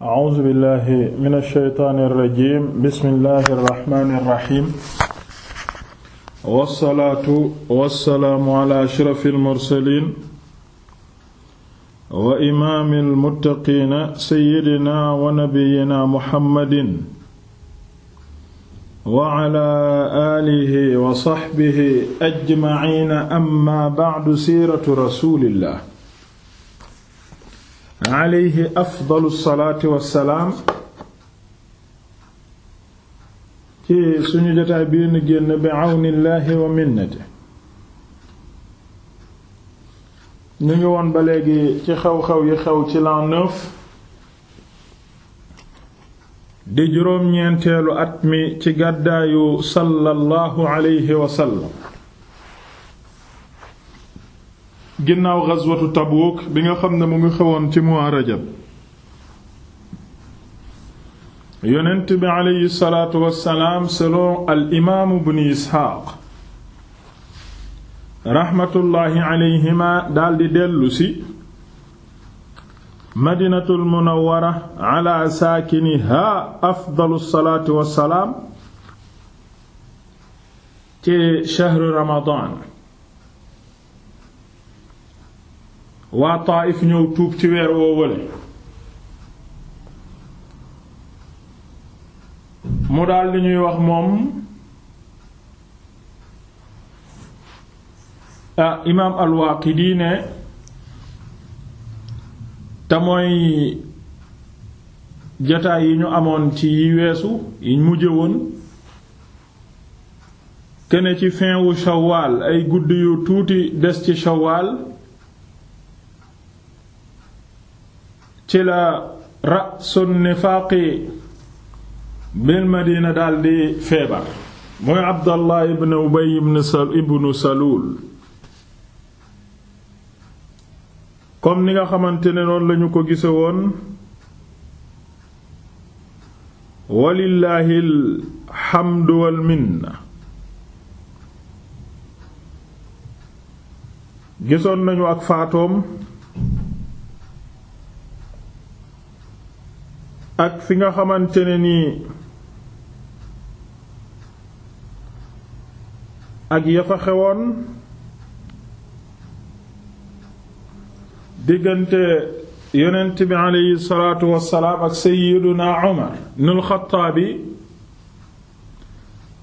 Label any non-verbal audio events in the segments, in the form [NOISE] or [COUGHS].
A'uuzu billahi mina shaytaani rajiim bismillahi rahmaani rahiim. Wassalaatu wassalaamu alaa ashrafil mursaliin wa imaamil muttaqiina sayyidinaa wa nabiyyinaa Muhammadin wa alaa aalihi wa sahbihi ajma'iina ammaa ba'du siiratu rasuulillah alayhi afdalu salaati wassalaam ci suñu jotaay bii nu génn bi àwnillaahi wa minnati ñu ngi woon ba léegi ci xew-xew yi xew ci l'an neuf di juróom ñeenteelu at mi ci gàddaayu sallallahu alayhi wa sallam ginnaaw ghazwatu Tabuuk bi nga xam ne mu ngi xewoon ci mois Rajab yonent bi aleyhi salaatu wassalaam selon al imaamu ibnu Isxaaq raxmatullaahi daldi dellusi madinatul munawwara ala saakinihaa afdalu salaatu wassalaam ci shahru Ramadaan waa Taayif ñëw tuub ci weer woo mu daal li ñuy wax moom ah imaam al-Waaqidi jataay yi ñu amoon ci yi weesu yi mujje woon kene ci fin wu shawaal ay guddi yu tuuti des ci shawaal ci la rasu nifaaqi bil madina daldi feebar mooy abdallah ibn ubay ibn salul comme ni nga xamante ne noonu lañu ko gise woon walillahi alhamdu gisoon nañu ak faatoom ak fi nga xamante ni ak ya xewoon diggante yonent bi aleyhi salaatu wassalaam ak seyyiduna Umar ibnul Xattaabi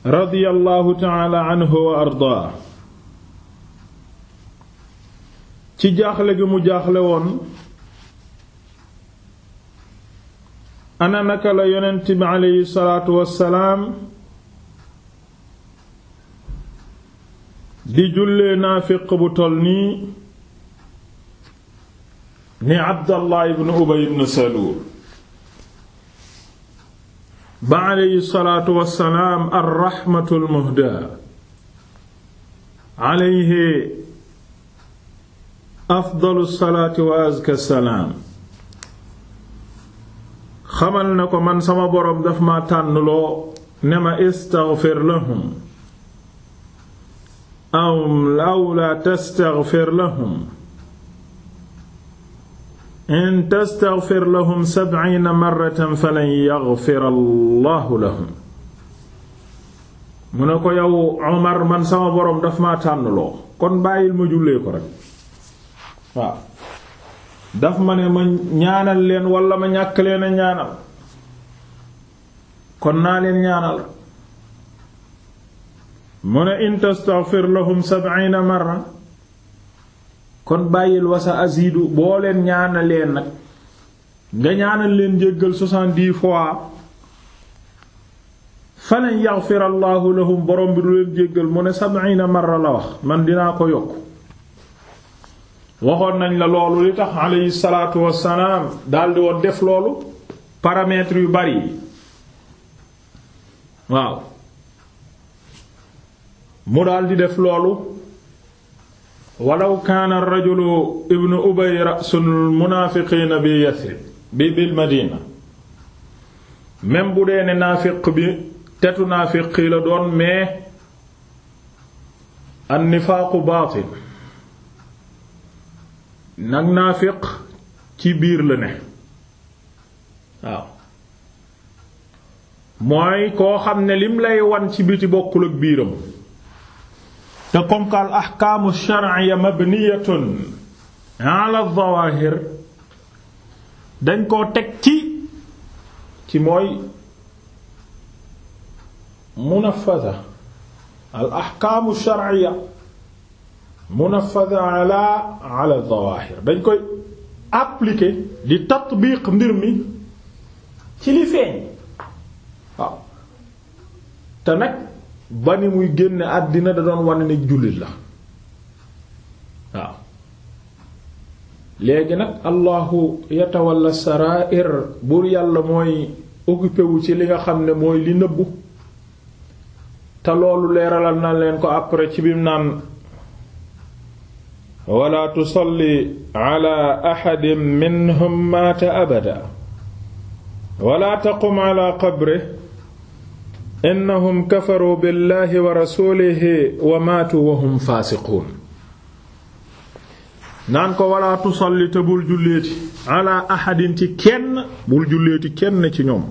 radiyallahu taala anhu wa ardaa ci jaaxle gi mu jaaxle woon ana naka la yonent bi aleyhi salaatu wassalaam di jullee naafiq bu toll nii ni abdallah ibn ubay ibn saluul ba aleyhi salaatu wassalaam arraxmatul muhda aleyhi afdalu salaati wa azka salaam xamal ne ko man sama boroom daf ma tànnloo ne ma istaghfir lahum am aw la tastaghfir lahum in tastaghfir lahum sab'iina marratan falan yaghfir allahu lahum mu ne ko yow Omar man sama boroom daf ma tànnloo kon bàyyil ma jullee ko rekk daf ma ne ma ñaanal leen walla ma ñàkk leen a ñaanal kon naa leen ñaanal mu ne in tastaghfir lahum sab'ina marra kon bàyyil wasa azidu boo leen ñaanal leen nag nga ñaanal leen jéggal soixante-dix fois falan yaghfir allahu lahum borom bi du leen jéggal mu ne sab'ina la wax man dinaa ko yokk waxoon nañ la loolu li tax alayhi salaatu wassalaam daldi woon def loolu paramètres yu bari yi waaw mu daldi def loolu walaw kaana rajulu ibnu ubay rasul munaafiqiina bi yasrib bi bil madina même bu dee ne naafiq bi tetu naafiqi la doon mais an nifaaqu baatin nag naafiq ci biir la ne waaw mooy koo xam ne lim lay wan ci biti bokkul ak biiram te comme que al ahkaamu shar'iyya mabniyatun dañ koo teg ci ci mooy munaffaza al ahkaamu shar'iyya munaffada ala ala dañ koy appliquer di tatbiq mbir mi ci li feeñ te nag ba ni muy génne àddina da doon wane ne jullit la waaw léegi nag allahu yatawalla sarair buur yàlla mooy occupé ci li nga xam ne mooy li nëbbu te loolu leeralal na leen ko après ci bi mu naan wala tusalli ala axadin minhum maata abada wala taqum ala qabre kafaru billahi wa rasulihi wa maatu wahum faasiquun naan ko wala tusalli te bul julleeti ala ci kenn bul julleeti kenn ci ñoom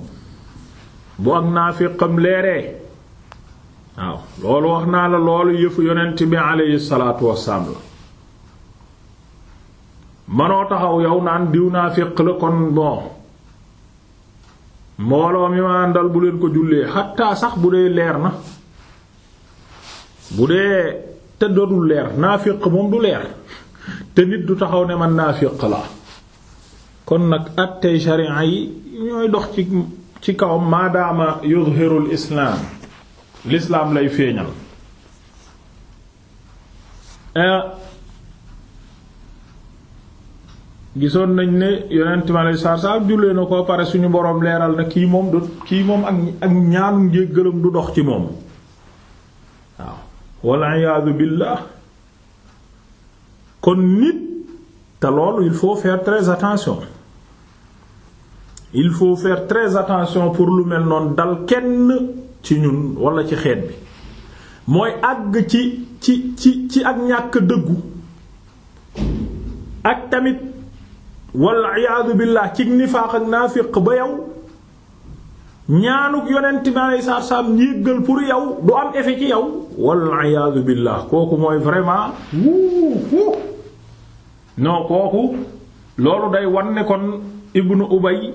bu ak naafiqam leeree loolu wax naa la loolu yëfu yonent bi aleyhi salaatu wassalaam la manoo taxaw yow naan diw naa féq la kon bon mbooloo mi ma àndal bu leen ko jullee xataa sax bu dee leer na bu dee te dootul leer naaféq moom du leer te nit du taxaw ne man naafiq la kon nag attey sharia yi ñooy dox ci ci kawam maadaama yuzhirul islaam lislaam lay feeñal eh, gisoon nañ ne yonent ma lay saar saar jullee na ko pare suñu boroom leeral na kii moom du kii moom ak ak ñaanum gërëm du dox ci moom waaw walla iyaadu kon nit te loolu il faut faire très attention il faut faire très attention pour lu mel noonu dal kenn ci ñun walla ci xeet bi mooy àgg ci ci ci ci ak ñàkk dëggu ak tamit walla iyaadu billaah ci nifaaq ak naafiq ba yow ñaanuk yonent bi alayhi salaatu salaam njéggal pour yow du am effet ci yow walla iyaadu kooku mooy vraiment wuu wuu non kooku loolu day wan ne kon ibnu ubay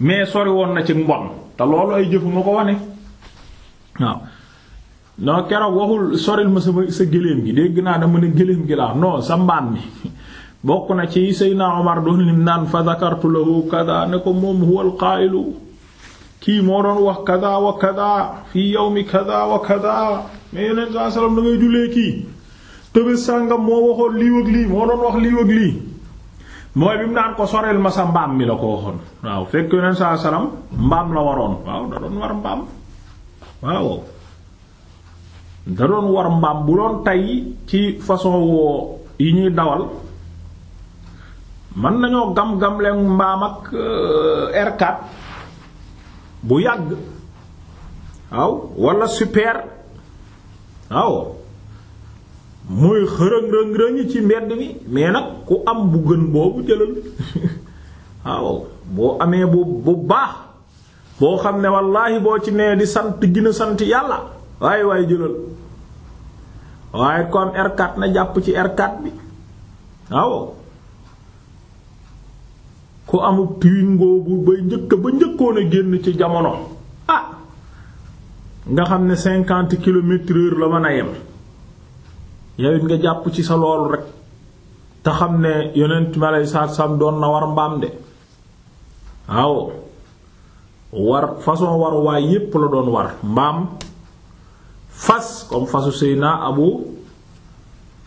mais sori woon na ci mbon te loolu ay jëfu ma ko wane waaw non keroog waxul soril ma sama sa géléem gi dégg naa dama ne géléem gi laa non sa mbaan mi bokk na ci Seydina Omar doon lim naan fa zakartu lahu kada ne ko moom huwa alqaa'ilu kii moo doon wax kada wa kada fii yawmi kada wa kada mais yonent saa salaam da ngay jullee kii tëbës sàngam moo waxoon lii ak lii moo doon wax lii ak lii mooy bi mu naan ko soreel ma sa mbaam mi la ko waxoon waaw fekk yonent saa salaam mbaam la waroon waaw da doon war mbaam waaw da doon war mbaam bu doon tey ci façon woo yi ñuy dawal. mën nañoo gam gamle leen mbaam ak euh, r bu yàgg waaw wala super waaw mooy xërëng-rëng-rëng ci mbedd mi mais nag ku am bu gën boobu jëlal [LAUGHS] waaw boo amee bu baax boo xam ne wallaahi boo ci nee di sant gina sant yàlla waaye waaye jëlal waaye kon R4 na jàpp ci r bi waaw ku amul tuyingoo bu bay njëkk ba njëkkoon a génn ci jamono ah nga xam ne cinquante kilomètres la mën a yem yow nga jàpp ci sa loolu rek te xam ne yonent mi aleyhi salaatu salaam doon na war mbaam de waaw war façon war waay yépp la doon war mbaam fas comme fasu seyna abu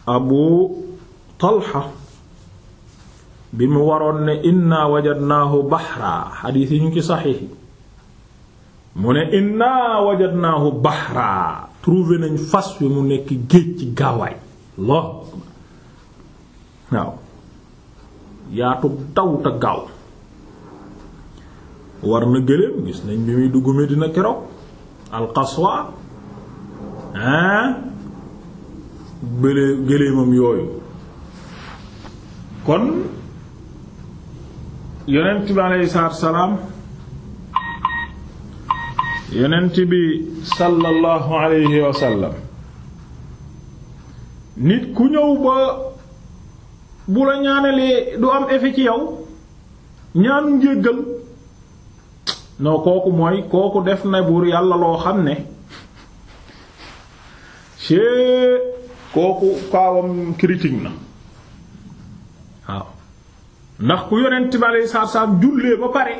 abu talha bi mu waroon ne inna wajadnaahu baxraa xadiis yi ñu ci saxiix yi mu ne inna wajadnaahu baxraa trouvé nañ fas wi mu nekk géej ci gaawaay lool waaw yaatu daw te gaaw war na gëléem gis nañ bi muy dugg Medina keroog alqaswa hein bële gëléemam yooyu kon yonent bi salaam yonent bi sallallahu alayhi nit ku ñëw ba bu la ñaanalee du am effet ci yow ñaanu njéggal non kooku mooy kooku def na buur yàlla loo xam ne ci kooku kaawam critique na waaw ndax ku yonent bi alayhi salaatu salaam jullee ba pare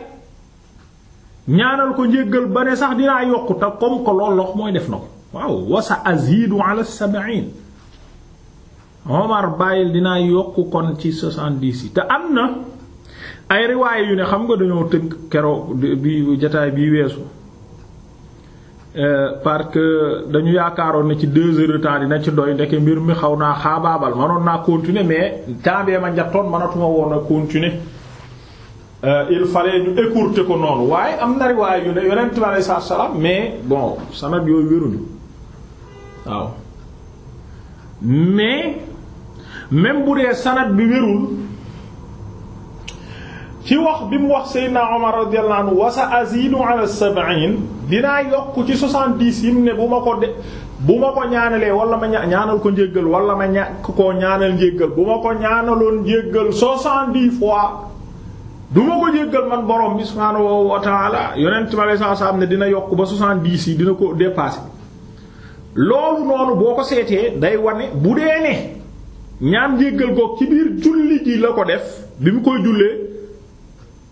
ñaanal ko njéggal ba ne sax dinaa yokku te comme que loolu mooy def na ko waaw wasa azidu ala sab'in Omar bàyyil dinaa yokk kon ci soixante-dix yi te am na ay riwaay yu ne xam nga dañoo tënk keroog bi jataay bi weesu Eh, parce que dañu yaakaaroon na ci deux heures de temps dina ci doy ndeke mbir mi xaw naa xaabaabal manoon naa continuer mais temps bee ma njattoon manatuma woon a continuer eh, il fallait ñu écourter ko noonu waaye am na riwaay yu ne yonent bi salaam mais bon sanad yooyu wéruñu waaw mais même bu dee sanad bi wérul ci wax bi mu wax Seydina Omar radiyallahu anhu wa sa azidu ala dinaa yokk ci soixante-dix yi ne bu ma ko de bu ma ko ñaanalee wala ma ñaanal ko njéggal wala ma ñàkk koo ñaanal njéggal bu ma ko ñaanaloon njéggal soixante-dix fois du ma ko jéggal man borom bi subhaanahu wa ta'ala yonent ma lay sàmm ne dina yokk ba soixante-dix yi dina ko dépasser loolu noonu boo ko seetee day wane bu dee ne ñaan njéggal goog ci biir julli ji la ko def bi mu koy jullee.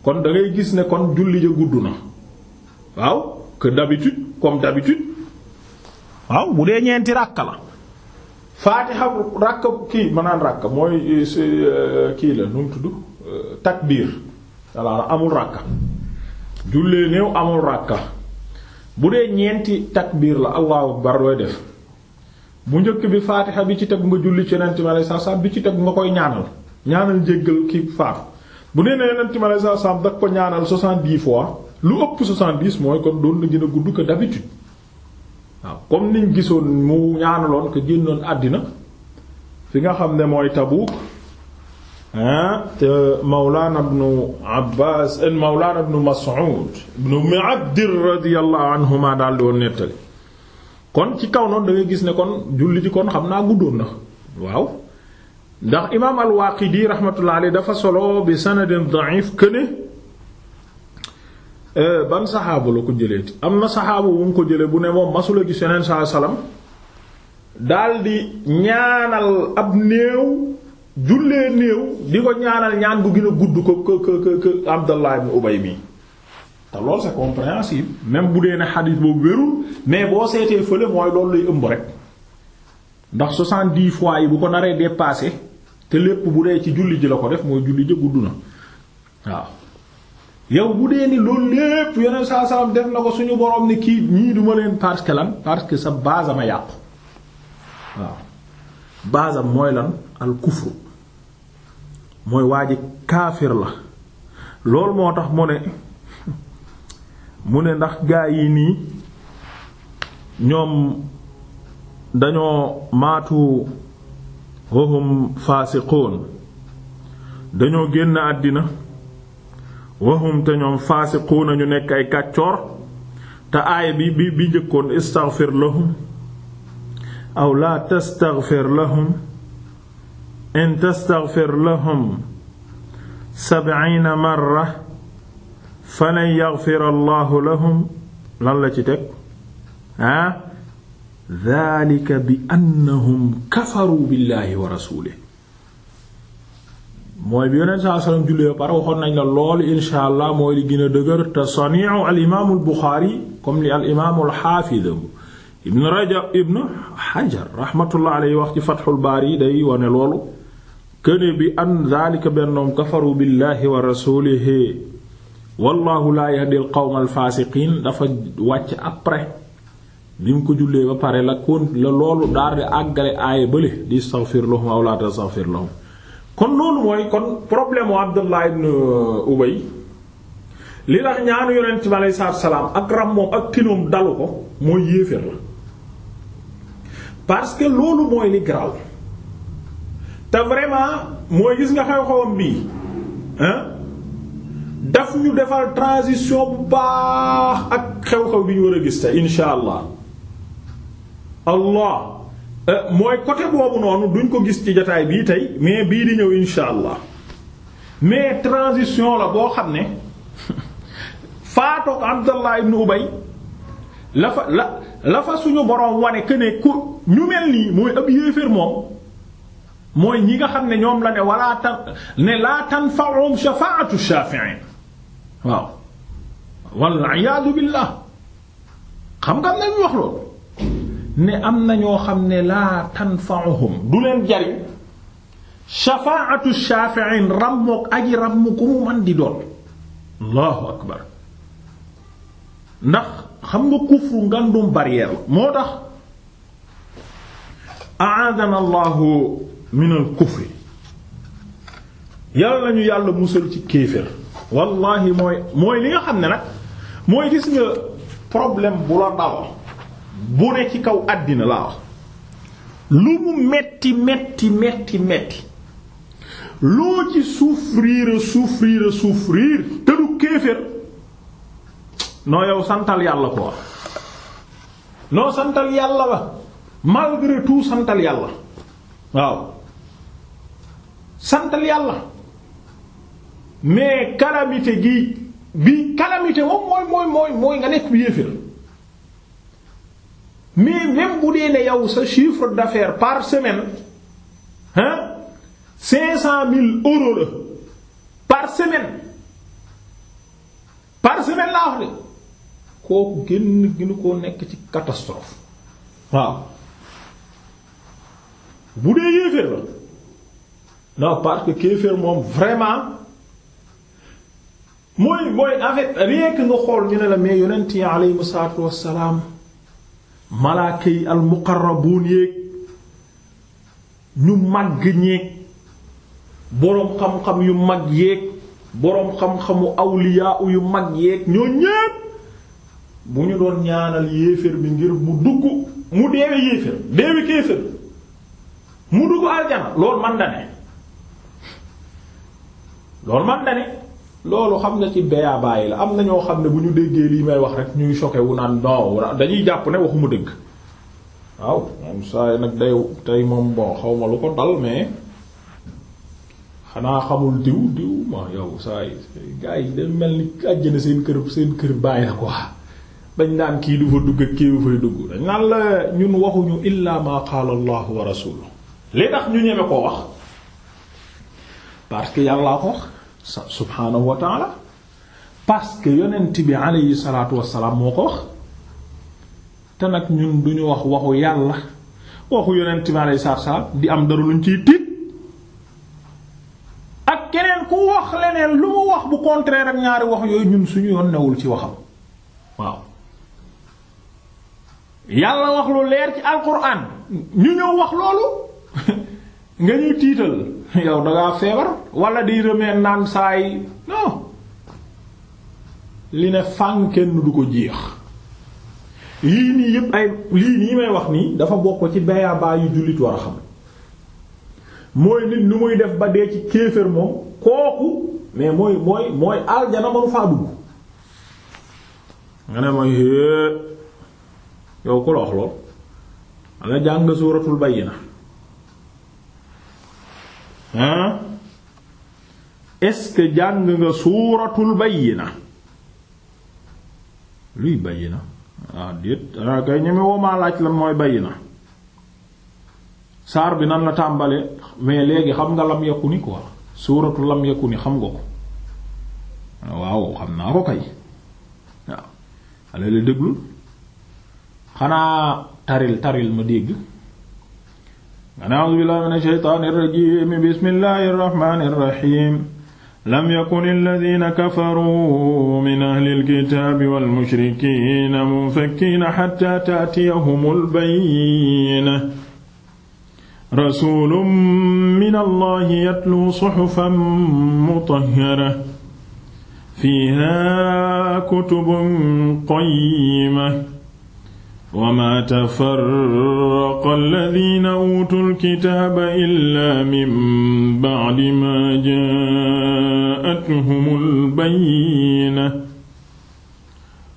kon dangay gis ne kon julli ja gudd na waaw que d'habitude comme d'habitude waaw bu dee ñeenti ràkka la faatiha ràkka kii manaan ràkk mooy euh, euh, kii la nu mu tudd euh, takbiir walla amul ràkka jullee néew amul ràkka bu dee ñeenti takbiir la allahu akbar looy def bu njëkk bi faatiha bi ci tegu nga julli ci yonent mi alayhi salaam bi ci tegu nga koy ñaanal ñaanal jéggal kii faatu bu nee ne yonent mi aleyhi salaatu dag ko ñaanal soixante-dix fois lu ëpp soixante-dix mooy kon doon na gën a gudd que d'habitude waaw comme niñ gisoon mu ñaanaloon que génnoon àddina fi nga xam ne mooy Tabuuk ah, te Mawlana ibnu Abbaas eh, Mawlana ibnu Mas'ud ibnu Abdir radiyallahu anhuma daal di woon nettali kon ci kaw noonu da gis ne kon julli ji kon xam naa guddoon na waaw ndax imaam al-Waaqidi rahmatullahi dafa solo bi sanadin da'if këne euh, ban saxaabu la ko jëlee am na saxaabu bu mu ko jëlee bu ne moom masula gis yeneen saa salaam daldi ñaanal ab néew jullee néew di ko ñaanal ñaan bu gën gudd ko ko ko ko Abdallah ibn Ubay mi te loolu c'est compréhensible même bu dee ne xadiis boobu wérul mais boo seetee fële mooy loolu lay ëmb rek ndax soixante di fois yi bu ko naree dépassé te lépp bu dee ci julli ji la ko def mooy julli ji gudd na waaw yow bu dee ni loolu lépp yeneen saa salaam def na ko suñu borom ne kii ñii du ma leen parce que lan parce que sa baasam a yàqu waaw baasam mooy lan al mooy waa ji kaafir la loolu moo tax mu ne mu ne ndax gaa yi nii ñoom dañoo maatu. wa hum faasiquun dañoo génn àddina wa te ñoom faasiquuna ñu nekk ay kàccoor te aaya bi bi bi njëkkoon istaghfir aw laa tastaghfir lahum in tastaghfir lahum sab'iina marra falan yaghfir allahu lahum lan la ci teg dhalika bi annahum kafaru billahi wa rasulihi mooy bi yonent nañ la loolu insha mooy li gën a dëgër te saniicu al imaamu al li al imaamu ibn rajab ibn xajar rahmatullah alayhi wax ci fatxul baari day wane loolu këne bi an dhalika bi annahum kafaru billahi wa rasulihi wallahu la yahdi al qawma al dafa wàcc après bi mu ko jullee ba pare la kon la loolu daal di àggale aaya bële di istaghfir lahum aw la tastaghfir lahum kon loolu mooy kon problème u Abdullah ibn uh, Ubay li tax ñaanu yonent bi aleyhi salaam ak ram moom ak tinoom dalu ko mooy yéeféer la parce que loolu mooy li graw te vraiment mooy gis nga xew-xewam bii hein daf ñu defal transition bu baax ak xew-xew bi ñu war a gis te insha allah allah euh, mooy côté boobu noonu duñ ko gis ci jotaay bii tey mais bii di ñëw insha allah mais transition la boo xam ne [LAUGHS] faatoog Abdallah ibn Ubay la fa la fa suñu borom wane que ne ku ñu mel nii mooy ab yéeféer moom mooy ñi nga xam ne ñoom la ne wala tan ne laa tanfa'um shafa'atu shafi'in waaw wal iyaadu billah xam nga nañu wax loolu ne am na ñoo xam ne laa tanfa'uhum du leen jariñ shafaa'atu shaafi'in ràmmook aji ràmm ku man di doon allahu akbar ndax xam nga kufru ngandum barrière moo tax a'adana allahu min al kufri yàlla nañu yàlla musal ci kéefër wallahi mooy mooy li nga xam ne nag mooy gis nga problème bu la dal bu ne ci kaw àddina laa wax lu mu metti metti metti metti loo ci souffrir souffrir souffrir te du kéefër noo yow santal yàlla ko wax noo santal yàlla ba malgré tout santal yàlla waaw santal yàlla mais calamité gi bi calamité moom mooy mooy mooy nga nekk bu yéefër mais même bu dee ne yow sa chiffre d'affaires par semaine hein cinq cent mille euros la par semaine par semaine laa wax de kooku génn gënu koo nekk ci catastrophe waaw bu dee yéeféer la non parce que kéeféer moom vraiment mooy mooy en fait rien nga xool ñu ne la mais yonent yi aleyhimu salaatu salaam malaaka yi al yéeg ñu màgg ñéeg boroom xam-xam yu mag yéeg boroom xam-xamu awliyaa yu mag yéeg ñoo ñépp bu ñu doon ñaanal yéeféer bi ngir mu dugg mu deewe yéeféer deewe kéeféer mu dugg aljana loolu man da ne loolu xam nga ci béya bàyyi la am na ñoo xam ne bu ñu déggee lii may wax rek ñuy choqué wu naan non dañuy jàpp ne waxuma dëgg waaw moom saa nag day tey moom bon xaw ma lu ko dal mais xanaa xamul diw diw ma yow saa yi dañ mel ni àjjana seen kër seen kër bàyyi la quoi dañ naan kii du fa dugg ak kii du fay dugg dañ la ñun waxuñu illa ma qaala allahu wa rasuluhu li tax ñu ñeme ko wax parce que yàllaa ko wax subhaanahu wa taala parce que yonent bi aleyhi salaatu wassalaam moo ko wax te nag ñun duñu wax waxu yàlla waxu yonent bi aleyhi salaatu wassalaam di am dara luñ ciy tiit ak keneen ku wax leneen lu mu wax bu contraire ak ñaari wax yooyu ñun suñu yoon newul ci waxam waaw yàlla wax lu leer ci alquran ñu ñëw wax loolu [LAUGHS] nga ñuy tiital [LAUGHS] yow dangaa feebar wala di remeen naan saay non li ne fàng kenn du ko jeex lii nii yépp ay lii nii may wax nii dafa bokk ci bayaabaa yu jullit war a xam mooy nit lu muy def ba dee ci kéefër moom kooku mais mooy mooy mooy aljana manu faa dugg nga ne mooy yow ku la wax lool nga jàng suuratul bayyina hein est-ce que jàng nga suuratul bayyina luy bayyina ah déet ah kay ñeme maa laaj lan mooy bayi na saar bi nan la tàmbale mais léegi xam nga lam yakuni quoi suuratu lam yakuni xam nga ko waaw xam naa ko kay waaw ale la déglu xanaa taril taril ma dégg a'uuzu billaahi mina shaytaani rajiim bismillaahi rahmaani rahiim lam yakun alladhiina kafaruu min ahlil kitaabi wal mushrikiina munfakkiina hattaa ta'tiyahumul bayyina rasuulun minallaahi yatluu suhufan mutahhara fiihaa kutubun qayyimatun wama tafarraqa alladina utul kitaaba illa min ba'di ma jaa'athumul bayyina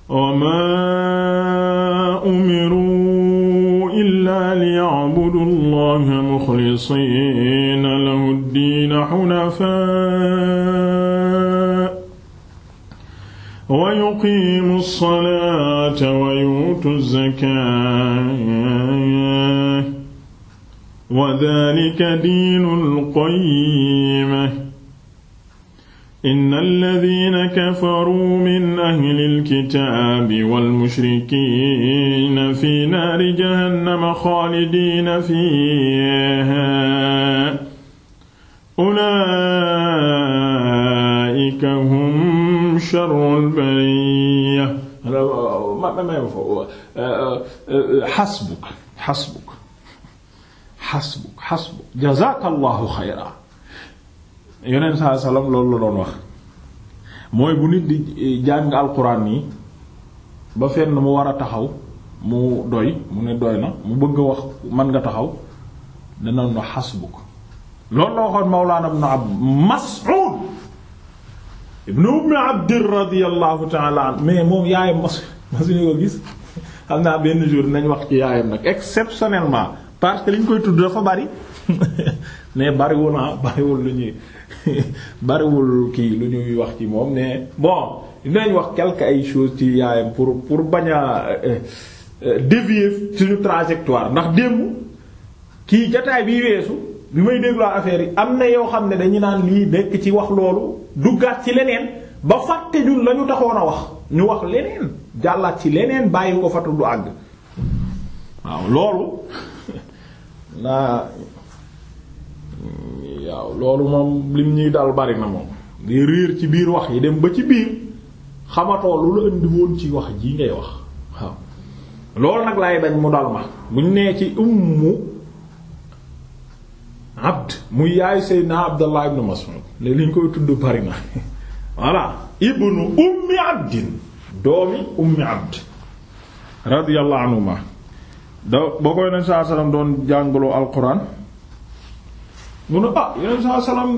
wama umiru illa liya'budu allaha muxlisiina lahu ddiina xunafaa wa yuqiimu ssalaata yu'tu zakaa wa dhaalika diinul qayyima inna alladhiina kafaruu min ahlil kitaabi wal mushrikiina fii naari jahannama xaalidiina fiihaa ma ma ma fa xasbuk xasbuk xasbuk xasbuk jazaakallahu xayra yonent saa salaam loolu la doon wax mooy bu nit di eh, jàng alquran nii ba fenn mu war a taxaw mu doy mu ne doy na mu bëgg a wax mën nga taxaw dana na xasbuk loolu la waxoon Mawlaana ibn Abd Mas'ud ibn Umm Abd radiyallahu mais moom yaay Mas'ud ma suñu ko gis xam naa benn jour nañ wax ci yaayam nag exceptionnellement parce que liñ koy tudd dafa bari [LAUGHS] mais bariwul ah bariwul lu ñuy [LAUGHS] bariwul kii lu ñuy wax ci moom mais bon dinañ wax quelque ay choses ci yaayam pour pour bañ a euh, euh, dévier suñu trajectoire ndax démb kii jataay bi weesu bi may déglu affaire yi am na yoo xam ne dañu naan lii nekk ci wax loolu du duggaat ci leneen ba fàtte ñun lañu ñu taxoon a wax ñu wax leneen. jàllaat ci leneen bàyyi ko fa du àgg waaw loolu naa [LAUGHS] waaw loolu moom lim ñuy dal bari na moom di réer ci biir wax yi dem ba ci biir xamatoo lu la indi ci wax ji ngay wax waaw loolu nag laay bañ mu dal ma buñ nee ci ummu abd muy yaay Seydina Abdallah ibn Mas'ud léegi liñ koy tudd bari na [LAUGHS] voilà ibnu ummi abdin doomi ummi abd radiyallahu anhuma da boo ko yonent saa salaam doon jàngaloo alquran mu ne ah yonent saa salaam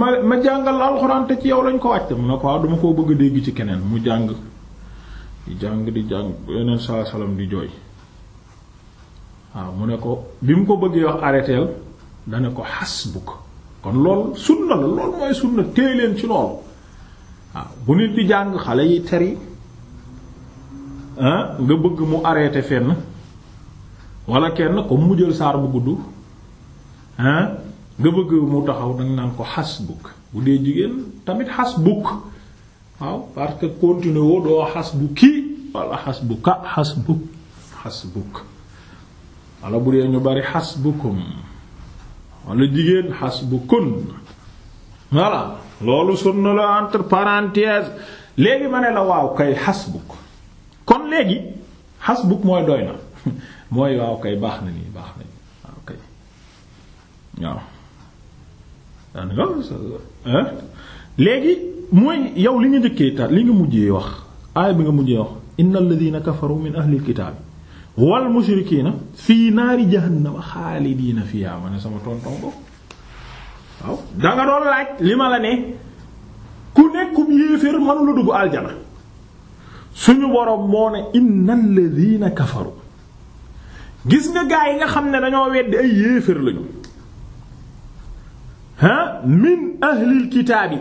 ma ma jàngal alquran te ci yow lañ ko wàcc mu ne ko ah, duma koo bëgg a dégg ci keneen mu jàng di jàng di jàng yonent saa salaam di jooy waaw mu ne ko bi mu ko bëggee wax arrêteel dana ko xas bu kon lool sunna la lool mooy sunna téye leen ci loolu waaw bu nit di jàng xale yi teri ah, nga bëgg mu arrêté fenn wala kenn ko mu jël saar bu gudd ah, nga bëgg mu taxaw danga naan ko xas bukk bu dee jigéen tamit xas bukk waaw parce que continuer woo doo xas bu kii xas bu ka xas bukk xas bu dee ñu bari xas bukkum wala jigéen xas bu kun voilà loolu sunna la entre parenthèses léegi ma ne la waaw kay xasbuk kon léegi xasbuk mooy doy na [LAUGHS] mooy waaw kay baax na nii baax na nii waaw kay waaw léegi mooy yow li nga njëkkee ta li nga mujjee wax aaya bi nga mujjee wax innal ladina kafaru min ahlil kitaabi wal mushrikiina fii naari jahannama xaalidiina fiha ma ne sama tonton ko waaw danga doon laaj li ma la ne ku nekkum yéeféer mënu la dugg aljana suñu boroom moo ne innal ladina kafaru gis nga gaa nga xam ne dañoo weddi ay yéeféer lañu ha min ahlil kitaabi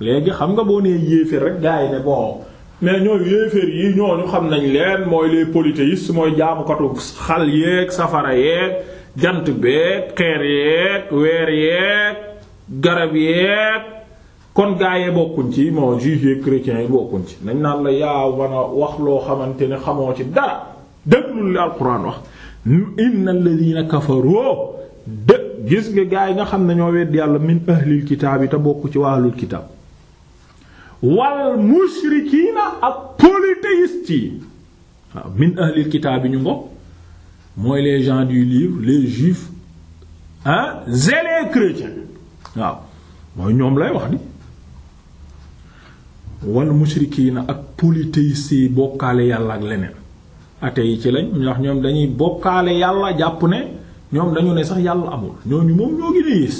léegi xam nga boo nee yéeféer rek gaa yi ne bon mais ñooy yéeféer yi ñooñu xam nañ leen mooy les polythéistes mooy jaamukatu xal yeeg safara yeeg jant beeg xeer yeeg weer yeeg garab yeeg kon gaa yee bokkuñ ci moo juif yeeg chrétiens yi bokkuñ ci nañ naan la yaa wan wax loo xamante ne xamoo ci dara déglul li alquran wax inna alladina kafaroo dë gis nga gaa yi nga xam ne wedd yàlla min ahlil kitaab yi te bokk ci wàllul kitaab wal mushrikiina ak polythéistes yi waaw min ahlil kitaab yi ñu ngo mooy les gens du livre les juifs ah zélé chrétiens waaw mooy ñoom lay wax di wal mushrikiina ak polythéistes yi bokkaale yàlla ak leneen athées yi ci lañ ndax ñoom dañuy bokkaale yàlla jàpp ne ñoom dañu ne sax yàlla amul ñooñu moom ñoo gën a yées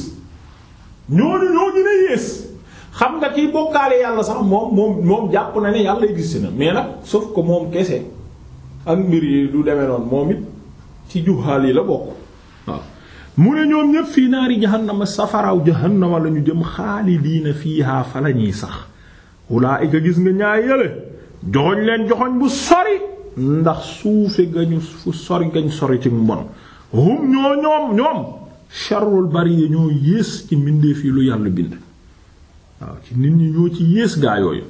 ñooñu ñoo gën a yées xam nga ki bokkaale yàlla sax moom moom moom jàpp na ne gis existe na mais nag sauf que moom kese ak mbir yi du demee noonu moom it ci juhaal yi la bokk waaw mu ne ñoom ñépp fii naari jahannama safaraaw jahannama la ñu jëm xaalidiina fiihaa fa la ñuy sax ulaa'ika gis nga ñaay yële joxoñ leen joxoñ bu sori ndax suufe gañu fu sori gañ sori ci mbon hum ñoo ñoom ñoom sharrul bariya ñoo yées ci mbindeef yi lu yàlla bind waaw ci nit ñi ñoo ci yées gaa yooyu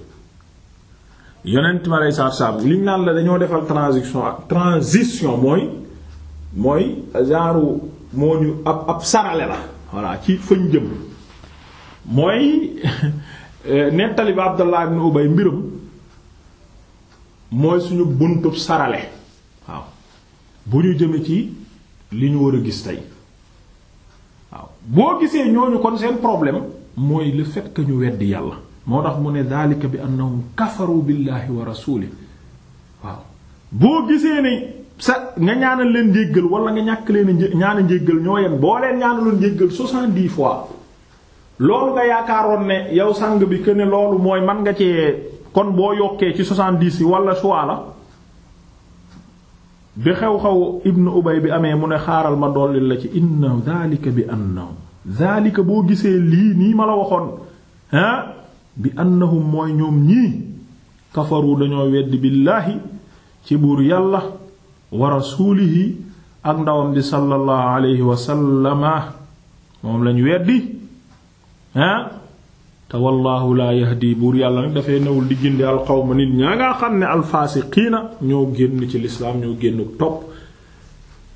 yonent ma lay saab saab liñ naan la dañoo defal transition ak transition mooy mooy genre moo ñu ab ab sarale la voilà ci fëñ jëm mooy [LAUGHS] euh, nettali ba Abdallah ibn Ubay mbiram mooy suñu buntub sarale waaw bu ñu jëmee ci li ñu war a gis tey waaw boo gisee ñooñu kon seen problème mooy le fait ñu weddi yàlla moo tax mu ne daalika bi annahum kafaru billahi wa rasulihi waaw boo gisee ne sa nga ñaanal leen njéggal walla nga ñàkk leen ñaana njéggal ñoo yem boo leen ñaanaloon njéggal soixante-dix fois loolu nga yaakaaroon ne yow sang bi que ne loolu mooy man nga cee kon boo yokkee ci di dix yi wala choix la bi xew-xew ibnu ubay bi amee mu ne xaaral ma dolli la ci inna dhalika bi annahum dhalika boo gisee lii nii ma la waxoon ah bi annahum mooy ñoom ñii kafaru dañoo weddi billaahi ci buur yàlla wa rasuulihi ak ndawam bi sallallahu alayhi wa sallama moom lañ weddi ah te wallaahu laa yahdi buur yàlla nag dafay newul di gindi alqawma nit ñaa ngaa xam ne alfaasiqiina ñoo génn ci lislaam ñoo génn topp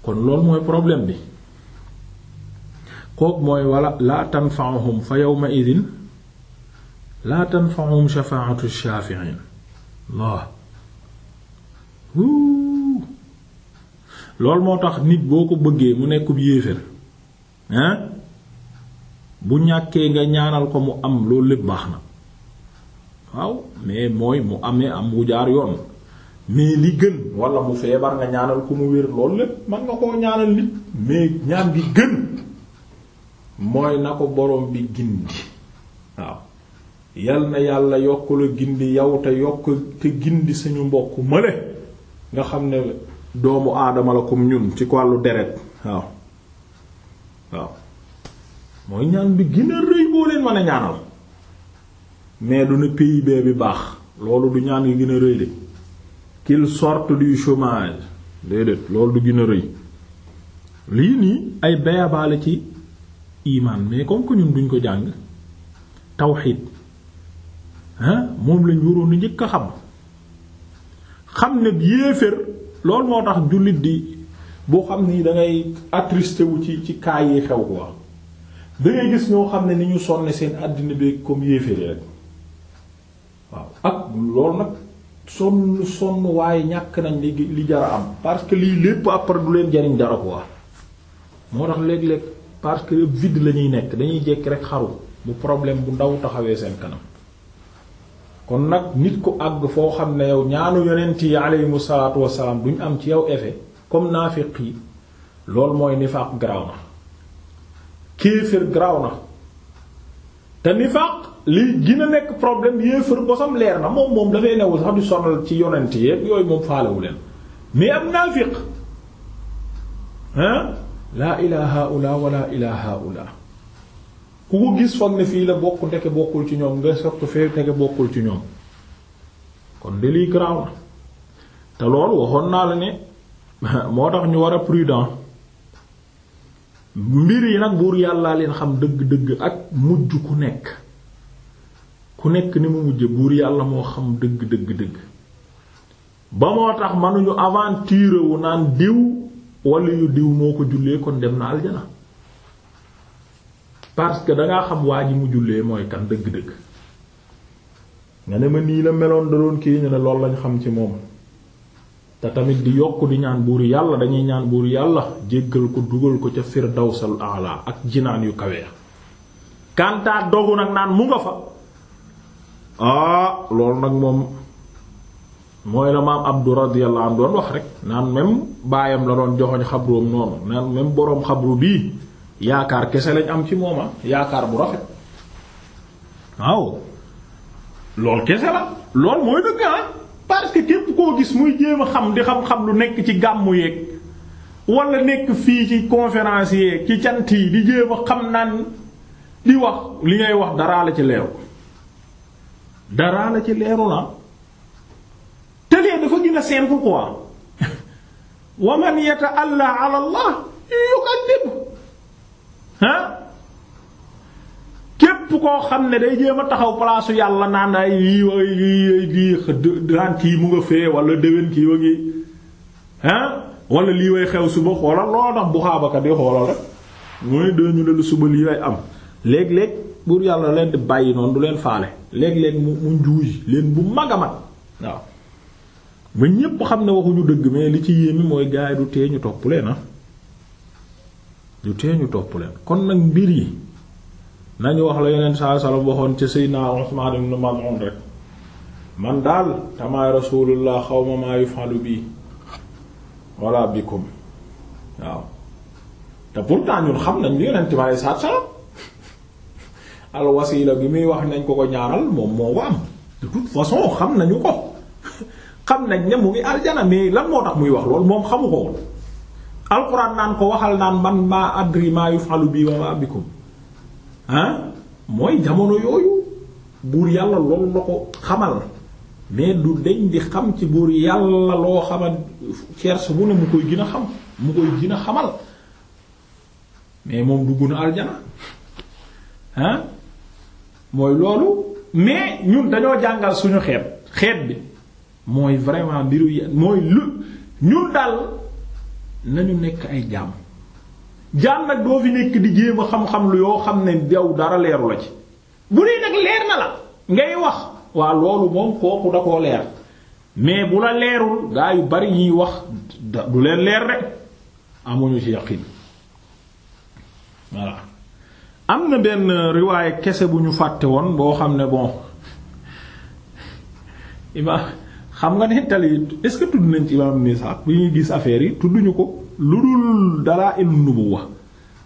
kon loolu mooy problème bi kooku mooy wala laa tanfa'uhum fa yawma idin laa tanfa'uhum shafaa'atu shaafi'iin Allah loolu moo tax nit boo ko bëggee mu nekkub yéeféer hein bu ñàkkee nga ñaanal ko mu am loolu lépp baax na waaw mais mooy mu amee am bu jaar yoon mais li gën walla mu feebar nga ñaanal ko mu wér loolu lépp man nga koo ñaanal nit mais ñaan gi gën mooy na ko borom bi gindi waaw yal na yàlla yokk la gindi yow te yokk te gindi suñu mbokk mële nga xam ne doomu aadama la comme ñun ci wàllu deret waaw waaw mooy ñaan bi gën a rëy boo leen mën ñaanal mais du ne PIB bi baax loolu du ñaan yi gën a rëy de qu'il sorte du chômage déedéet loolu du gën rëy lii nii ay bayabaale ci iman mais comme que ñun duñ ko jàng tawxid ah moom lañ waroon a njëkk a xam xam ne yéefér loolu moo tax jullit di boo xam ni da ngay wu ci ci cas yi xew quoi da ngay gis ñoo xam ne ni ñu sonne seen àddina bi comme yéeféri rek waaw ak loolu nag sonn sonn waaye ñàkk nañ li li jar am parce que lii lépp après du leen jariñ dara quoi moo tax léeg-léeg parce que vide la ñuy nekk dañuy jekk rek xaru bu problème bu ndaw taxawee seen kanam kon nag nit ko àgg foo xam ne yow ñaanu yonent yi aleyhimu salaatu wassalaam duñ am ci yow effet comme naafiq yi loolu mooy nifaaq garaaw na kéefër garaaw na te nifaaq li gën a nekk problème yéefër bosam leer na moom moom dafay newul sax du sonal ci yonent yépp yooyu moom faalewu leen mais am naafiq hein laa ilaa haula wala ilaa haula ku ko gis foog ne fii la bokk ndeke bokkul ci ñoom nga sott fee ndeke bokkul ci ñoom kon de te lool waxoon naa la ne [LAUGHS] moo tax ñu war a prudent mbir yi nag buur yàllaa leen xam dëgg-dëgg ak mujj ku nekk ku nekk ni mu mujje buur yàlla moo xam dëgg dëgg dëgg ba moo tax mënuñu aventure wu naan diw wala yu diw moo ko jullee kon dem na aljana parce que dangaa xam waa ji mu jullee mooy kan dëgg-dëgg nga ne ma nii la meloon da doon kii ñu ne loolu lañ xam ci moom te tamit di yokk di ñaan buur yàlla dañuy ñaan buur yàlla jéggal ko dugal ko ca firdawsal ala ak jinaan yu kawe kantaa dogu nag naan mu nga fa ah loolu nag moom mooy la maam Abdu radiyallahu anhu doon wax rek naan même baayam la doon joxoñ xabroom noonu naan même boroom xabru bii yaakaar kese lañ am ci mooma ah, yaakaar bu rafet waaw loolu kese la loolu mooy dëgg ah parce que képp koo gis muy jéem a xam di xam-xam lu nekk ci gàmmu yeeg wala nekk fii ci conférence yeeg ci cant yi di jéem xam naan di wax li ngay wax daraa la ci leeru daraa la ci leeru la te lee dafa gën a seen ko quoi [LAUGHS] wa man yata'alla ala Allah yukaddib ah képp koo xam ne day jéem a taxaw palaasu yàlla naan ay lii wa lii lii daan kii mu nga fee wala déwén kii wa ngi ah wala lii way xew suba xoolal looloo tax bu xaabaka di xoolal rek mooy dee ñu ne lu suba lii way am léeg-léeg buur yàlla leen di bàyyi noonu du leen faale léeg-léeg mu mu njuuy leen bu mag a mag waaw ba ñépp xam ne waxuñu dëgg mais li ci yéeme mooy gaay du tee ñu topp leen ah. ñu tee ñu topp leen kon nag mbir yi nañu wax la yeneen saa salam waxoon ca Seydina Usman ibn Maz'un rek man daal tamaay rasulullah xawma maa yufalu bii wala bikum waaw te pourtant ñun xam nañ li yonent ma saa salam al bi muy wax nañ ko ko ñaaral moom moo ko am façon xam nañu ko [LAUGHS] xam nañ ne mu ngi aljana lan moo tax muy wax lool moom xamu ko woon alxuraan naan ko waxal naan man maa adri maa yufalu bi wa ma bikum mooy jamono yooyu buur yàlla loolu la ko xamal mais du deñ di xam ci buur yàlla loo xamal cerse bu ne mu koy gën a xam mu koy gën a xamal mais moom dugg na aljana ah mooy loolu mais ñun dañoo jàngal suñu xeet xeet bi mooy vraiment mbiru ya mooy lu ñun daal nañu nekk ay jaam jaam nag doo fi nekk di jéem a xam-xam lu yoo xam ne yow dara leeru la ci bu dee nag leer na la ngay wax waa loolu moom kooku da koo leer mais bu la leerul gaa yu bari yiy wax du leen leer rek amuñu ci yaqin voilà am na benn riwaaye kese bu ñu fàtte woon boo xam ne bon [LAUGHS] imaam xam nga nettali yi est ce que tudd nañ ci imaam Ibn Ishaq bi ñuy gis affaire yi tudduñu ko lu dul dalaa'il nubuwwa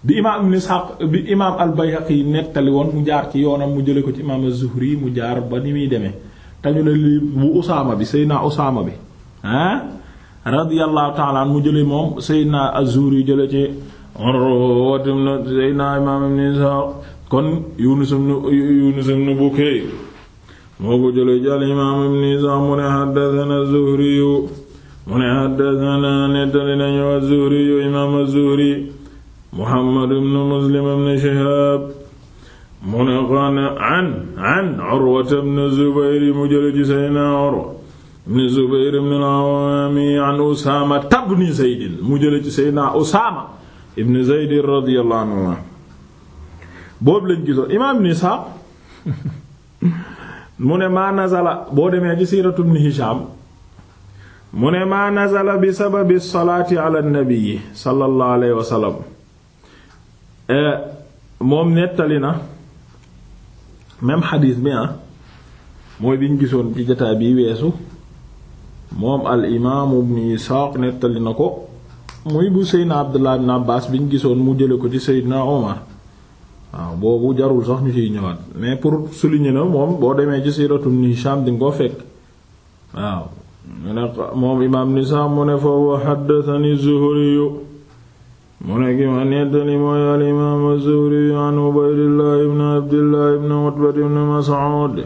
bi imaam Ibn Ishaq bi imaam al-Bayhaqi nettali woon mu jaar ci yoonam mu jële ko ci imaam az mu jaar ba ni muy demee te ñu ne lii bu Usaama bi Seydina Usaama bi ah radiyallahu ta'ala mu jële moom Seydina az-Zuhri jële ci Urwa Seydina imaam Ibn Ishaq kon Yunus ibn Yunus ibn moo ko jële ci alimaam ibn Isaaq mu ne xaddatana zuhriyu mu ne xaddatana nettali nañu zuhriyu imaam zuhri muhammad ibn muslim ibn shihaab mu ne xan an an urwata ibn zubayr mu jële ci sayna urwa ibn zubayr ibn al-awaami an usaama ibn zayd mu jële ci sayna usaama ibn zayd radiyallahu anhu boobu lañ gisoon imaam ibn Isaaq mu ne maa nazala boo demee ci siiratu ibn Hisham mu ne maa nazala bi sababi salaati ala nabi sallallahu alayhi wa sallam eh, moom nettali na même xadiis bi ah mooy biñ gisoon ci jataa bi weesu moom al imaamu ibn Isaaq nettali na ko muy bu Seydina Abdullah ibn Abbaas biñ gisoon mu jële ko ci Seydina Omar waaw boobu jarul sax ñu ciy ñëwaat mais pour ñu na moom boo demee ci siiratu Ibn Hisham di nga fekk waaw mu ne moom imaam nisaa mu ne foofu xaddatani Zuhriyu mu ne ki ma nettali mooy al Zuhriyu an Ubaydillah ibn Abdillah ibn Utba ibn Mas'ud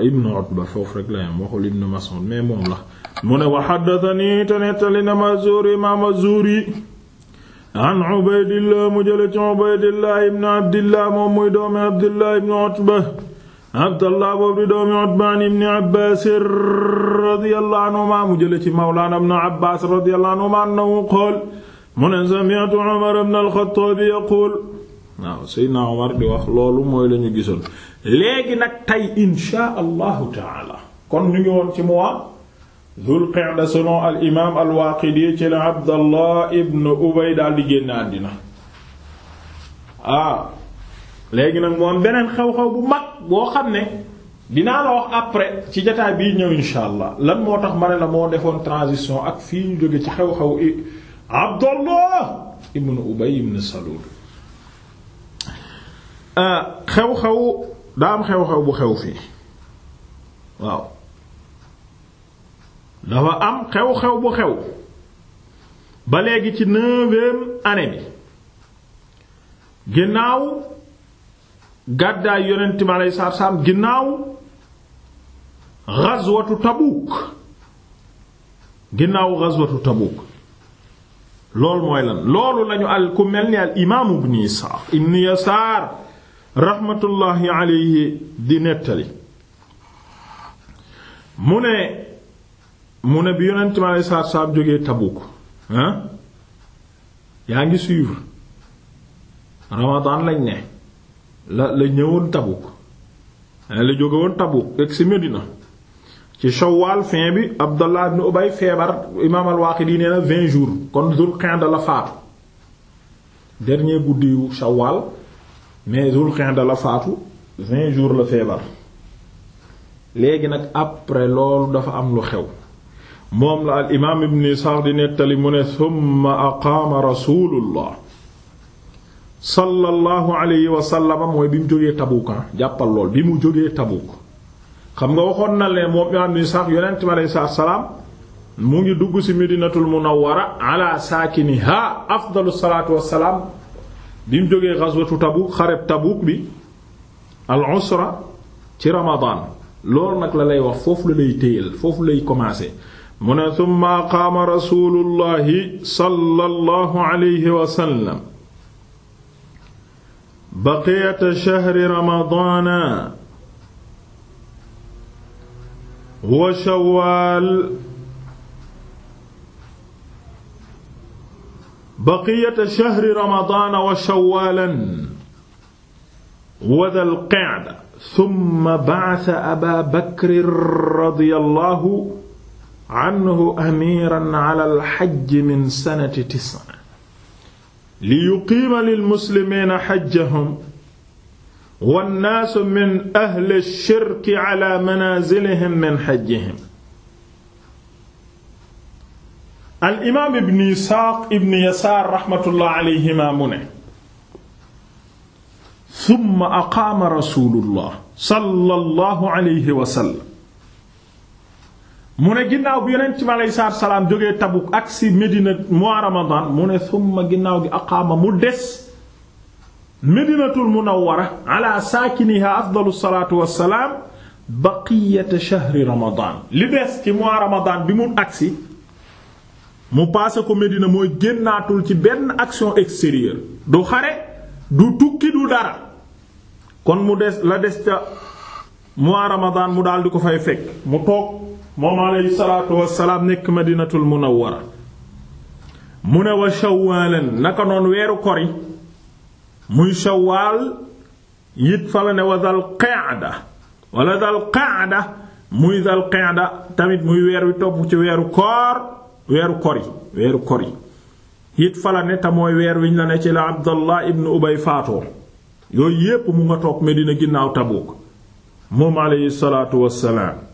ibn Utba foofu rek la waxul ibn Mas'ud mais moom la mu ne wa te nettali na ma Zuhri imaam Zuhri an ubaydillah mu jële ci ubaydillah ibn abdillah moom muy doomi abdillah ibn utba abdallah boobu di doomi utba an ibni abbaas radiyallahu anhuma mu jële ci mawlaana ibn abbaas radiyallahu anhuma annahu qaal mu ne sami'tu umar ibn al-xattaab yaquul waaw seydna umar di wax loolu mooy lañu gisoon léegi nag tey inshaa allahu taala kon ñu ngi woon ci mois Dhul Qa'da selon al imaam al Waaqidi ci la Abdallah ibn Ubay daal di génn àddina ah léegi nag moom beneen xew-xew bu mag boo xam ne dinaa la wax après ci jotaay bii ñëw insha allah lan moo tax ma ne la moo defoon transition ak fii ñu jóge ci xew-xew i Abdallah ibn Ubay ibn Salul ah, xew-xew daa am xew-xew bu xew fii waaw. dafa am xew-xew bu xew ba léegi ci neuvième année bi ginnaaw gàddaay yonent bi aleyhi salaatu salaam ginnaaw ghazwatu Tabuk ginnaaw ghazwatu Tabuk loolu mooy lan loolu lañu al ku mel ni al imaamu ibn Isaaq Yasaar raxmatullaahi aleyhi di nettali mu ne mu ne bi yonent mi aleyhi salaatu salaam jógee Tabuk ah yaa ngi suivre Ramadan lañ ne la la ñëwoon Tabuk eh, la jóge Tabuk egg si Medina ci Shawwal fin bi Abdallah ibn Ubay feebar imaam al-Waaqidi nee na vingt jours kon Dul Qa'da la faatu dernier guddiwu Shawwal mais Dul Qa'da la faatu vingt jours la feebar léegi nag après loolu dafa am lu xew. moom la al imaam ibn Isaaq di nettali mu ne summa aqaama rasulullah sallallahu mooy bi mu jógee Tabuuk ah, jàppal lool bi mu jógee Tabuuk xam nga waxoon na leen moom imaam ibn Isaaq yonent mu ngi dugg ci Madinatul Munawwara ala saakinihaa afdalu salaatu wa salaam bi mu jógee ghazwatu Tabuuk xareb Tabuuk bi al usra ci Ramadan loolu nag la lay wax foofu la lay téyel foofu lay commencer. mu ne summa qaama rasulullahi sallallahu alayhi wa sallam baqiyata shahri ramadaana wa shawwaal baqiyata shahri ramadaana wa shawwaalan wa dhal qa'da summa ba'atha abaa bakrin radiyallahu anhu amiran ala alxajji min sanati tisa li yuqiima lilmuslimiina xajjahum wannaasu min ahli shirki ala manaazilihim min xajjihim al imaam ibn Isaaq ibn Yasaar raxmatullah alayhima mu ne summa aqaama rasuulullah sallallahu alayhi wa sallam mu ne ginnaaw bi yonent bi aleyhi salaatu jóge jógee Tabuk ak si Medina mois Ramadan mu ne summa ginnaaw gi aqaama mu des Medinatul Munawwara ala saakiniha afdalu salaatu wassalaam baqiyata shahri Ramadan li des ci moi Ramadan bi mu agsi mu paase ko Medina mooy génnaatul ci benn action extérieure du xare du tukki du dara kon mu des la des ca mois Ramadan mu daal di ko fay fekk mu toog. moom alayhi salaatu wassalaam nekk madinatul munawwara mu ne wa shawaalan naka noon weeru kori muy shawaal yit fa ne wa dal qaada wala dal qaada muy dal qaada tamit muy weer wi topp ci weeru koor weeru kori weeru kori yit fa la ne te mooy weer wiñ la ne ci la abdallah ibn ubay faatoo yooyu yépp mu nga toog medina ginnaaw tabuuk moom alayhi salaatu wassalaam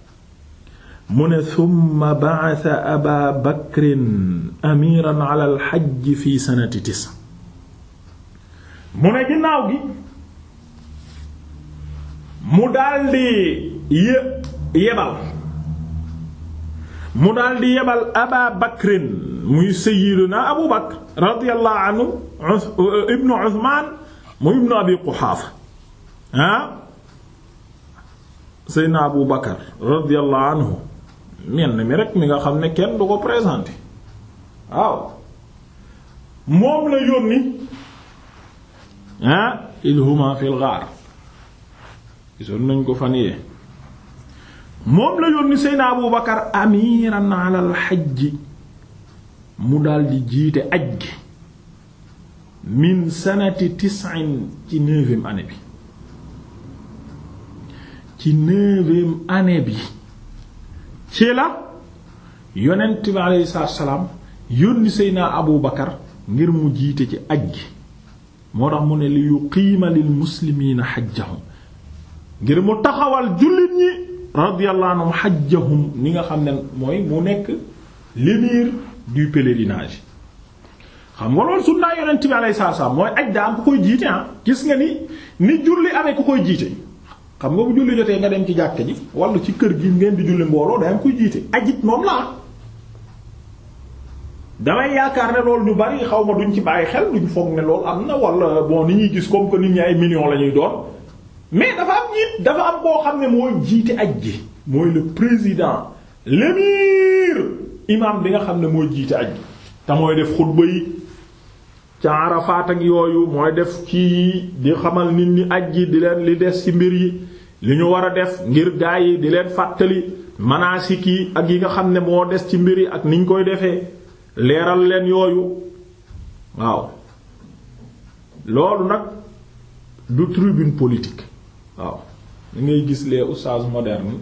mu ne thumma ba'atha aba bakrin amiran ala alxajji fi sanati tis mu ne ginnaaw gi mu daldi ye yebal mu daldi yebal aba bakrin muy sayyiduna abu bakr radiyallahu anhu ibnu uthman muy ibnu abi quhaafa ah sayyidina abu bakr radiyallahu anhu na mi rek mi nga xam ne kenn du ko présenté waaw moom la yónni ah il huma fil ghaar gisoon nañ ko fan yee moom la yónni Seydina Abu Bakar amiran alal xajji mu daldi jiite aj gi min sanati tis'in ci neuvième année bi ci neuvième année bi ci la yonent bi aleyhi salaam yónni Seydina Abu Bakar ngir mu jiite ci aj gi moo tax mu ne li yuqiima lil muslimiina xajjahum ngir mu taxawal jullit ñi radiyallahu anhum ni nga xam ne mooy mu nekk l'émir du pèlerinage xam nga loolu sunnaa yonent bi aleyhi salaatu salaam mooy aj daa ku koy jiite ah gis nga ni ni julli amee ku koy jiite xam nga bu julli jotee nga dem ci jàkk ji wala ci kër gi ngeen di julli mbooloo day am koy jiite ajit moom laa damay yaakaar ne loolu ñu bari xaw ma duñ ci bàyyi xel duñ foog ne loolu am na wala bon ni ñuy gis comme que nit ñi ay millions la ñuy doon mais dafa am jiit dafa am boo xam ne mooy jiite aj ji mooy le président l'émir imam bi nga xam ne mooy jiite aj ji te mooy def xutba yi ca Arafat yooyu mooy def ci di xamal nit ñi aj ji di leen li des ci mbir yi li ñu war a def ngir gaa di leen fàttali manaasik yi ak yi nga xam ne moo des ci mbir yi ak niñ koy defee leeral leen yooyu waaw loolu nag du tribune politique waaw li ngay gis les oustaz modernes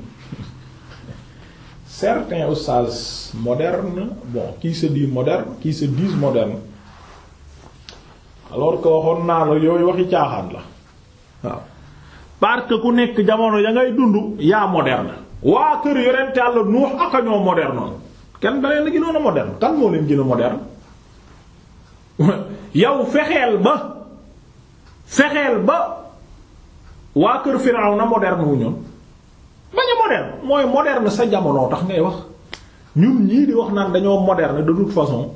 certains oustaz modernes bon qui se dit moderne qui se disent moderne alors que waxoon naa la yooyu waxi caaxaan la parce ku nekk jamono ya ngay dund yaa moderne waa kër yonent Yàlla Nuux ak ñoo moderne kenn da leen gënoon a moderne kan moo leen gën a moderne yow fexeel ba fexeel ba waa kër Firawna moderne wu ñoon bañ a moderne mooy moderne sa jamono tax ngay wax ñun ñii di wax naan dañoo moderne de toute façon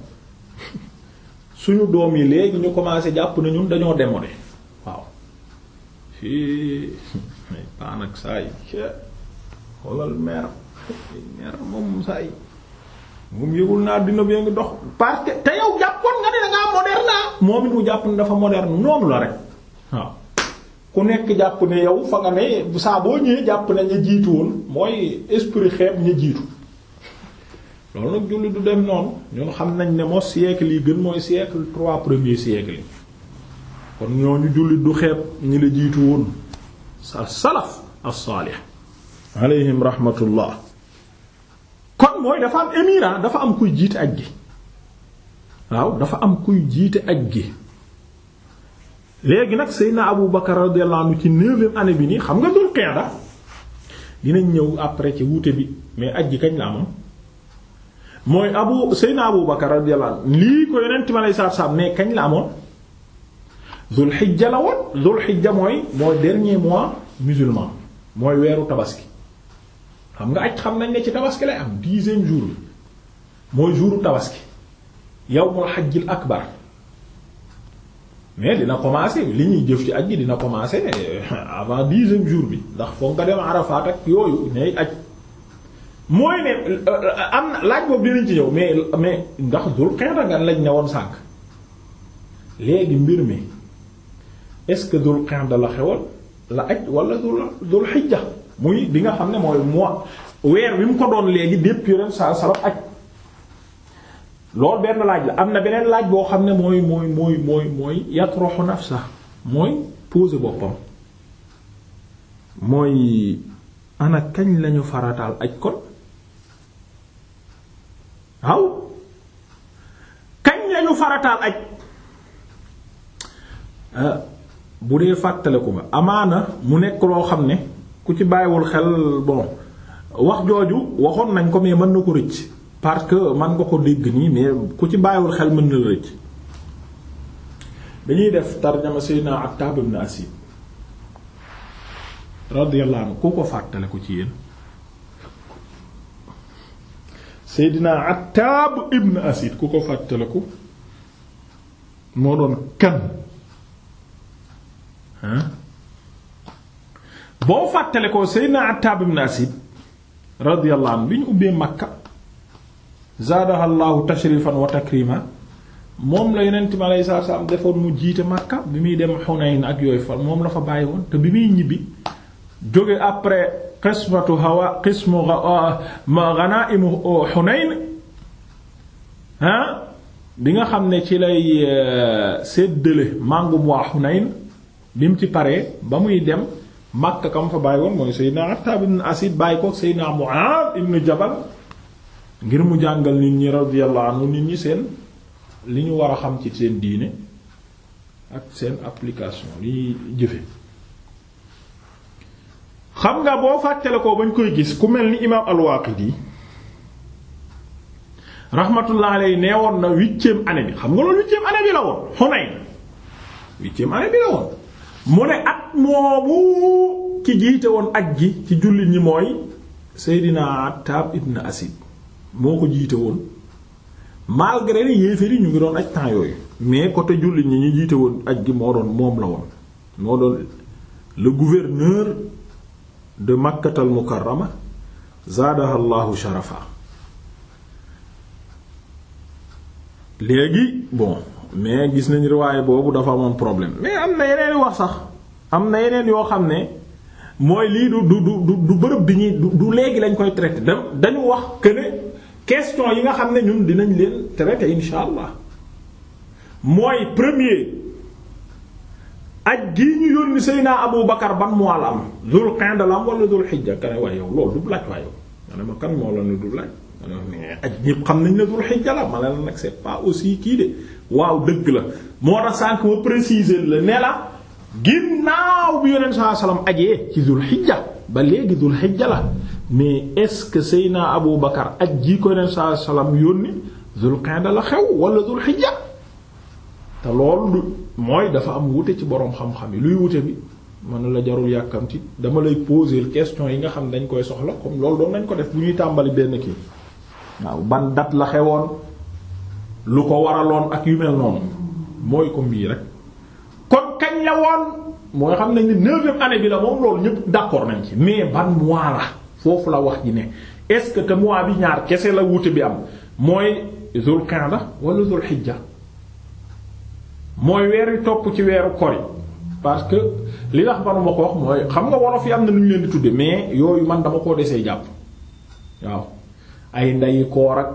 suñu doom yi léegi ñu commencé jàpp na ñun dañoo démodé paa nag saa yi xoolal meer meer moom saa yi moom yëgul naa dina bi ngi dox parce que te yow jàppoon nga ne dangaa moderne ah? moom dafa moderne la rek waaw ku nekk jàpp ne yow fa nga ne saa boo ñëwee jàpp ne ña jiitu woon mooy esprit xeeb ñu jiitu loolu nag julli du dem noonu ñun xam nañ ne moo siècle yi gën mooy siècle trois premiers siècles yi kon ñooñu jullit du xeeb ñi la jiitu woon sa salaf as-salih rahmatullah kon mooy dafa am émirat ah, dafa am kuy jiite aj gi waaw dafa am kuy jiite aj gi léegi nag Seydina Abu Bakar radiyallahu ci neuvième année bi nii xam nga dul qiyada dinañ ñëw après ci wuute bi mais aj gi kañ la amoon mooy abu Seydina Abu Bakar lii ko yonent ma lay saab saab mais kañ la amoon zul xijja la woon zul xijja mooy mooy dernier mois musulman mooy weeru tabaski xam nga aj xam nañ ne ci tabaski lay am dixième jour bi mooy jouru tabaski yawmul xajjil akbar mais dina commencer li ñuy jëf ci aj gi dina commencer eh, avant dixième jour bi ndax foog nga dem Arafat ak yooyu ne aj mooy ne euh, am na laaj boobu dinañ ci ñëw mais mais ndax dul xeeta nga lañ ne woon sànq léegi mbir mi est-ce que dul qa'da la xewal la aj wala dul dul xijja muy bi xam ne mooy mois weer wi mu ko doon léegi dépp yoneen sa salaf aj loolu benn laaj la am na beneen laaj boo xam ne mooy mooy mooy mooy mooy yatroxu nafsa mooy poser boppam mooy ana kañ lañu farataal aj kon waaw kañ lañu farataal aj euh, bu dee fàttaliku nga amaana mu nekk loo xam ne ku ci bàyyiwul xel bon wax jooju waxoon nañ ko mais mën na ko rëcc parce que man nga ko dégg nii mais ku ci bàyyiwul xel mën na la rëcc dañuy def tarjama Seydina Attab ibn Asid radiyallahu anhu ci yéen Seydina Attab ibn ku ko fàttaliku moo doon kan boo fàttale ko Seydina Attaab ibn Asid radiyallahu anhu bi ñu ubbee Makka zaadahallahu tashrifan wa takrima moom la yonent mi alayhi salaatu salaam defoon mu jiite Makka bi muy dem Hunayn ak yooyu fa moom la fa bàyyi woon te bi muy ñibbi jóge après qismatu hawa qismu ghana'imu Hunayn ah bi nga xam ne ci lay euh, séddale màngum waa Hunayn bi mu ci pare ba muy dem Makka kam fa bàyyi woon mooy Seydina Attab ibn Asid bàyyi ko Seydina Mu'ad ibn Jabal ngir mu jàngal nit ñi radiyallahu anhu nit ñi seen li ñu war a xam ci seen diine ak seen application li jëfe xam nga boo fàttale ko bañ koy gis ku mel ni imaam al-Waaqidi rahmatullah alayhi nee woon na huitième année bi xam nga loolu huitième année bi la woon Hunayn huitième année bi la woon mu ne at moomu ki jiite woon aj gi ci jullit ñi mooy Seydina Attab ibn Asid moo ko jiite woon malgré ni ñu ngi doon aj temps yooyu mais côté jullit ñi ñu jiite woon aj gi moo doon moom la woon moo doon le gouverneur de Makkatal Mukarrama zaadaha llahu sharafa léegi bon mais gis nañ riwaay boobu dafa amoon problème mais am na yeneen wax sax am na yeneen yoo xam ne mooy lii du du du bërëb bi ñuy du du léegi lañ koy traité da dañu wax que ne question yi nga xam ne ñun dinañ leen traité insha allah mooy premier aj gii ñu yónni Seydina Abu Bakar ban mois la am. Dul Qa'da la am wala Dul Hijja ka ne waaye yow loolu du laaj waaye yow ma ne ma kan moo la ne du laaj. mais aj ñépp xam nañ ne dul xijja la ma la nag c'est pas aussi kii de waaw dëgg la moo tax sànq ma préciser la ne la ginnaaw bi yonent saa salaam ajee ci dul xijja ba léegi dul xijja la mais est-ce que Seyna Abu Bakar aj ji ko yonent saa salaam yónni dul qa'da la xew wala dul xijja te loolu mooy dafa am wute ci boroom xam-xam yi luy wute bi man la jarul yàkkamti dama lay poser question yi nga xam dañ koy soxla comme loolu doon nañ ko def bu tàmbali benn kii. waaw ban dat la xewoon lu ko waraloon ak yu mel noonu mooy ko mbii rek kon kañ la woon mooy xam nañ ne neuvième année bi la moom loolu ñëpp d'accord nañ ci mais ban mois la foofu la wax ji ne est-ce que te mois bi ñaar kese la wuute bi am mooy zul la wala zul hijja mooy weer topp ci weeru kori parce que li tax manuma ko wax mooy xam nga wolof yi am na nu leen di tudde mais yooyu man dama koo desee jàpp waaw ay nday koor ak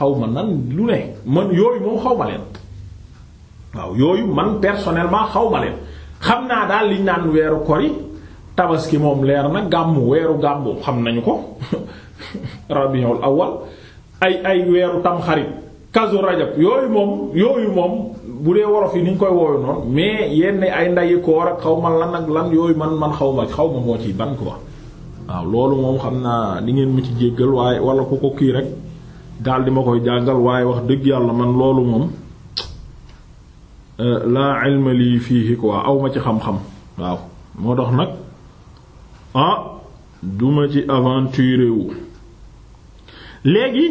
xaw ma nan lu ne man yooyu moom xaw ma leen waaw yooyu man personnellement xaw ma leen xam naa daal liñ naan weeru kori tabaski moom leer na gàmmu weeru gàmmu xam nañu ko [LAUGHS] rabiul awal ay ay weeru tamxarit kazu rajab yooyu moom yooyu moom bu dee wolof yi ni koy wooyu noonu mais yenn ay ndayi koor ak xaw ma lan ak lan yooyu man man xaw ma xaw ma moo ci ban quoi waaw loolu moom xam naa li ngeen ma ci jéggal waaye wala ku ko kii rek daal di ma koy jàngal waaye wax dëgg yàlla man loolu moom euh, laa ilma lii fiihi quoi aw ma ci xam-xam waaw moo tax nag ah duma ci aventure léegi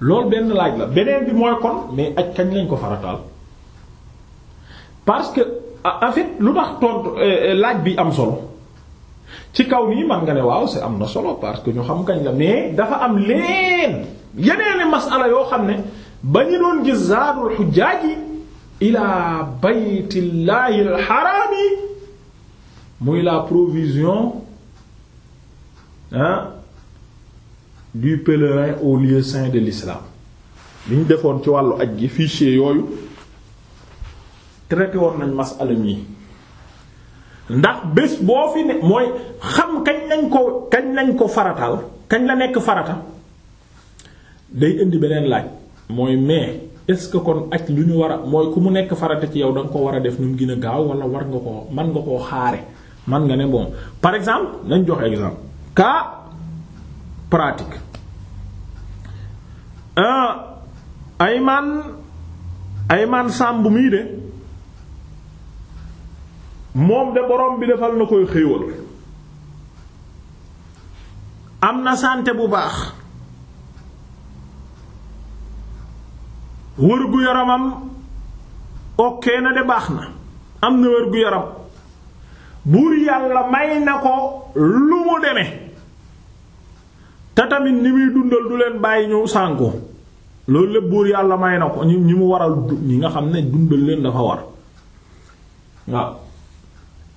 loolu benn laaj la beneen bi mooy kon mais aj kañ lañ ko farataal parce que en fait lu tax tontu euh, euh, laaj bi am sol ci kaw nii man nga ne waaw si am na solo parce que ñu xam kañ la mais dafa am leen yeneeni masala yoo xam ne ba ñu doon gis zaadul xujjaaji ila baytillahi alxaraami muy la provision ah du au lieu saint de l'islam li ñu defoon ci wàllu aj gi fichier yooyu traité woon nañ masala mi ndax bés boo fi ne mooy xam kañ lañ ko kañ lañ ko faratal kañ la nekk farata day indi beneen laaj mooy mais est-ce que kon aj lu ñu war a mooy ku mu nekk farata ci yow da nga ko war a def nu mu gën a gaaw wala war nga ko mën nga koo xaare man nga ne moom par exemple nañ jox exemple cas pratique euh, Ayman Ayman Samb mii de moom de boroom bi defal na koy xéewal am na sante bu baax wër gu yaramam ok na de baax na am na wër gu yaram buur yàlla may na ko lu mu demee te tamit ni muy dundal du leen bàyyi ñëw sànku loolu lépp buur yàlla may na ko ñi mu waral ñi nga xam ne dundal leen dafa war waaw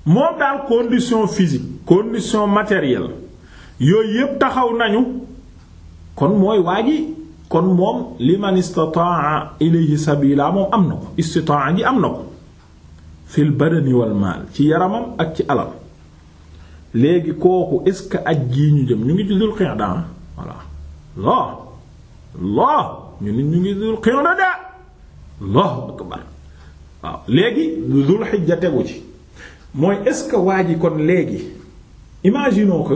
moom daal condition physique condition matérielle yooyu yépp taxaw nañu kon mooy waa ji kon moom li man istataa ilayhi sabila moom am na ko istitaa ji am na ko fil badani wal maal ci yaramam ak ci alal léegi kooku est-ce que aj ji ñu jëm ñu ngi ci dul qi'da voilà Allah Allah ñu nit ñu ngi dul qi'da Allahu akbar waaw léegi dul xijja tegu ci mooy est-ce que waa ji kon léegi imaginons ko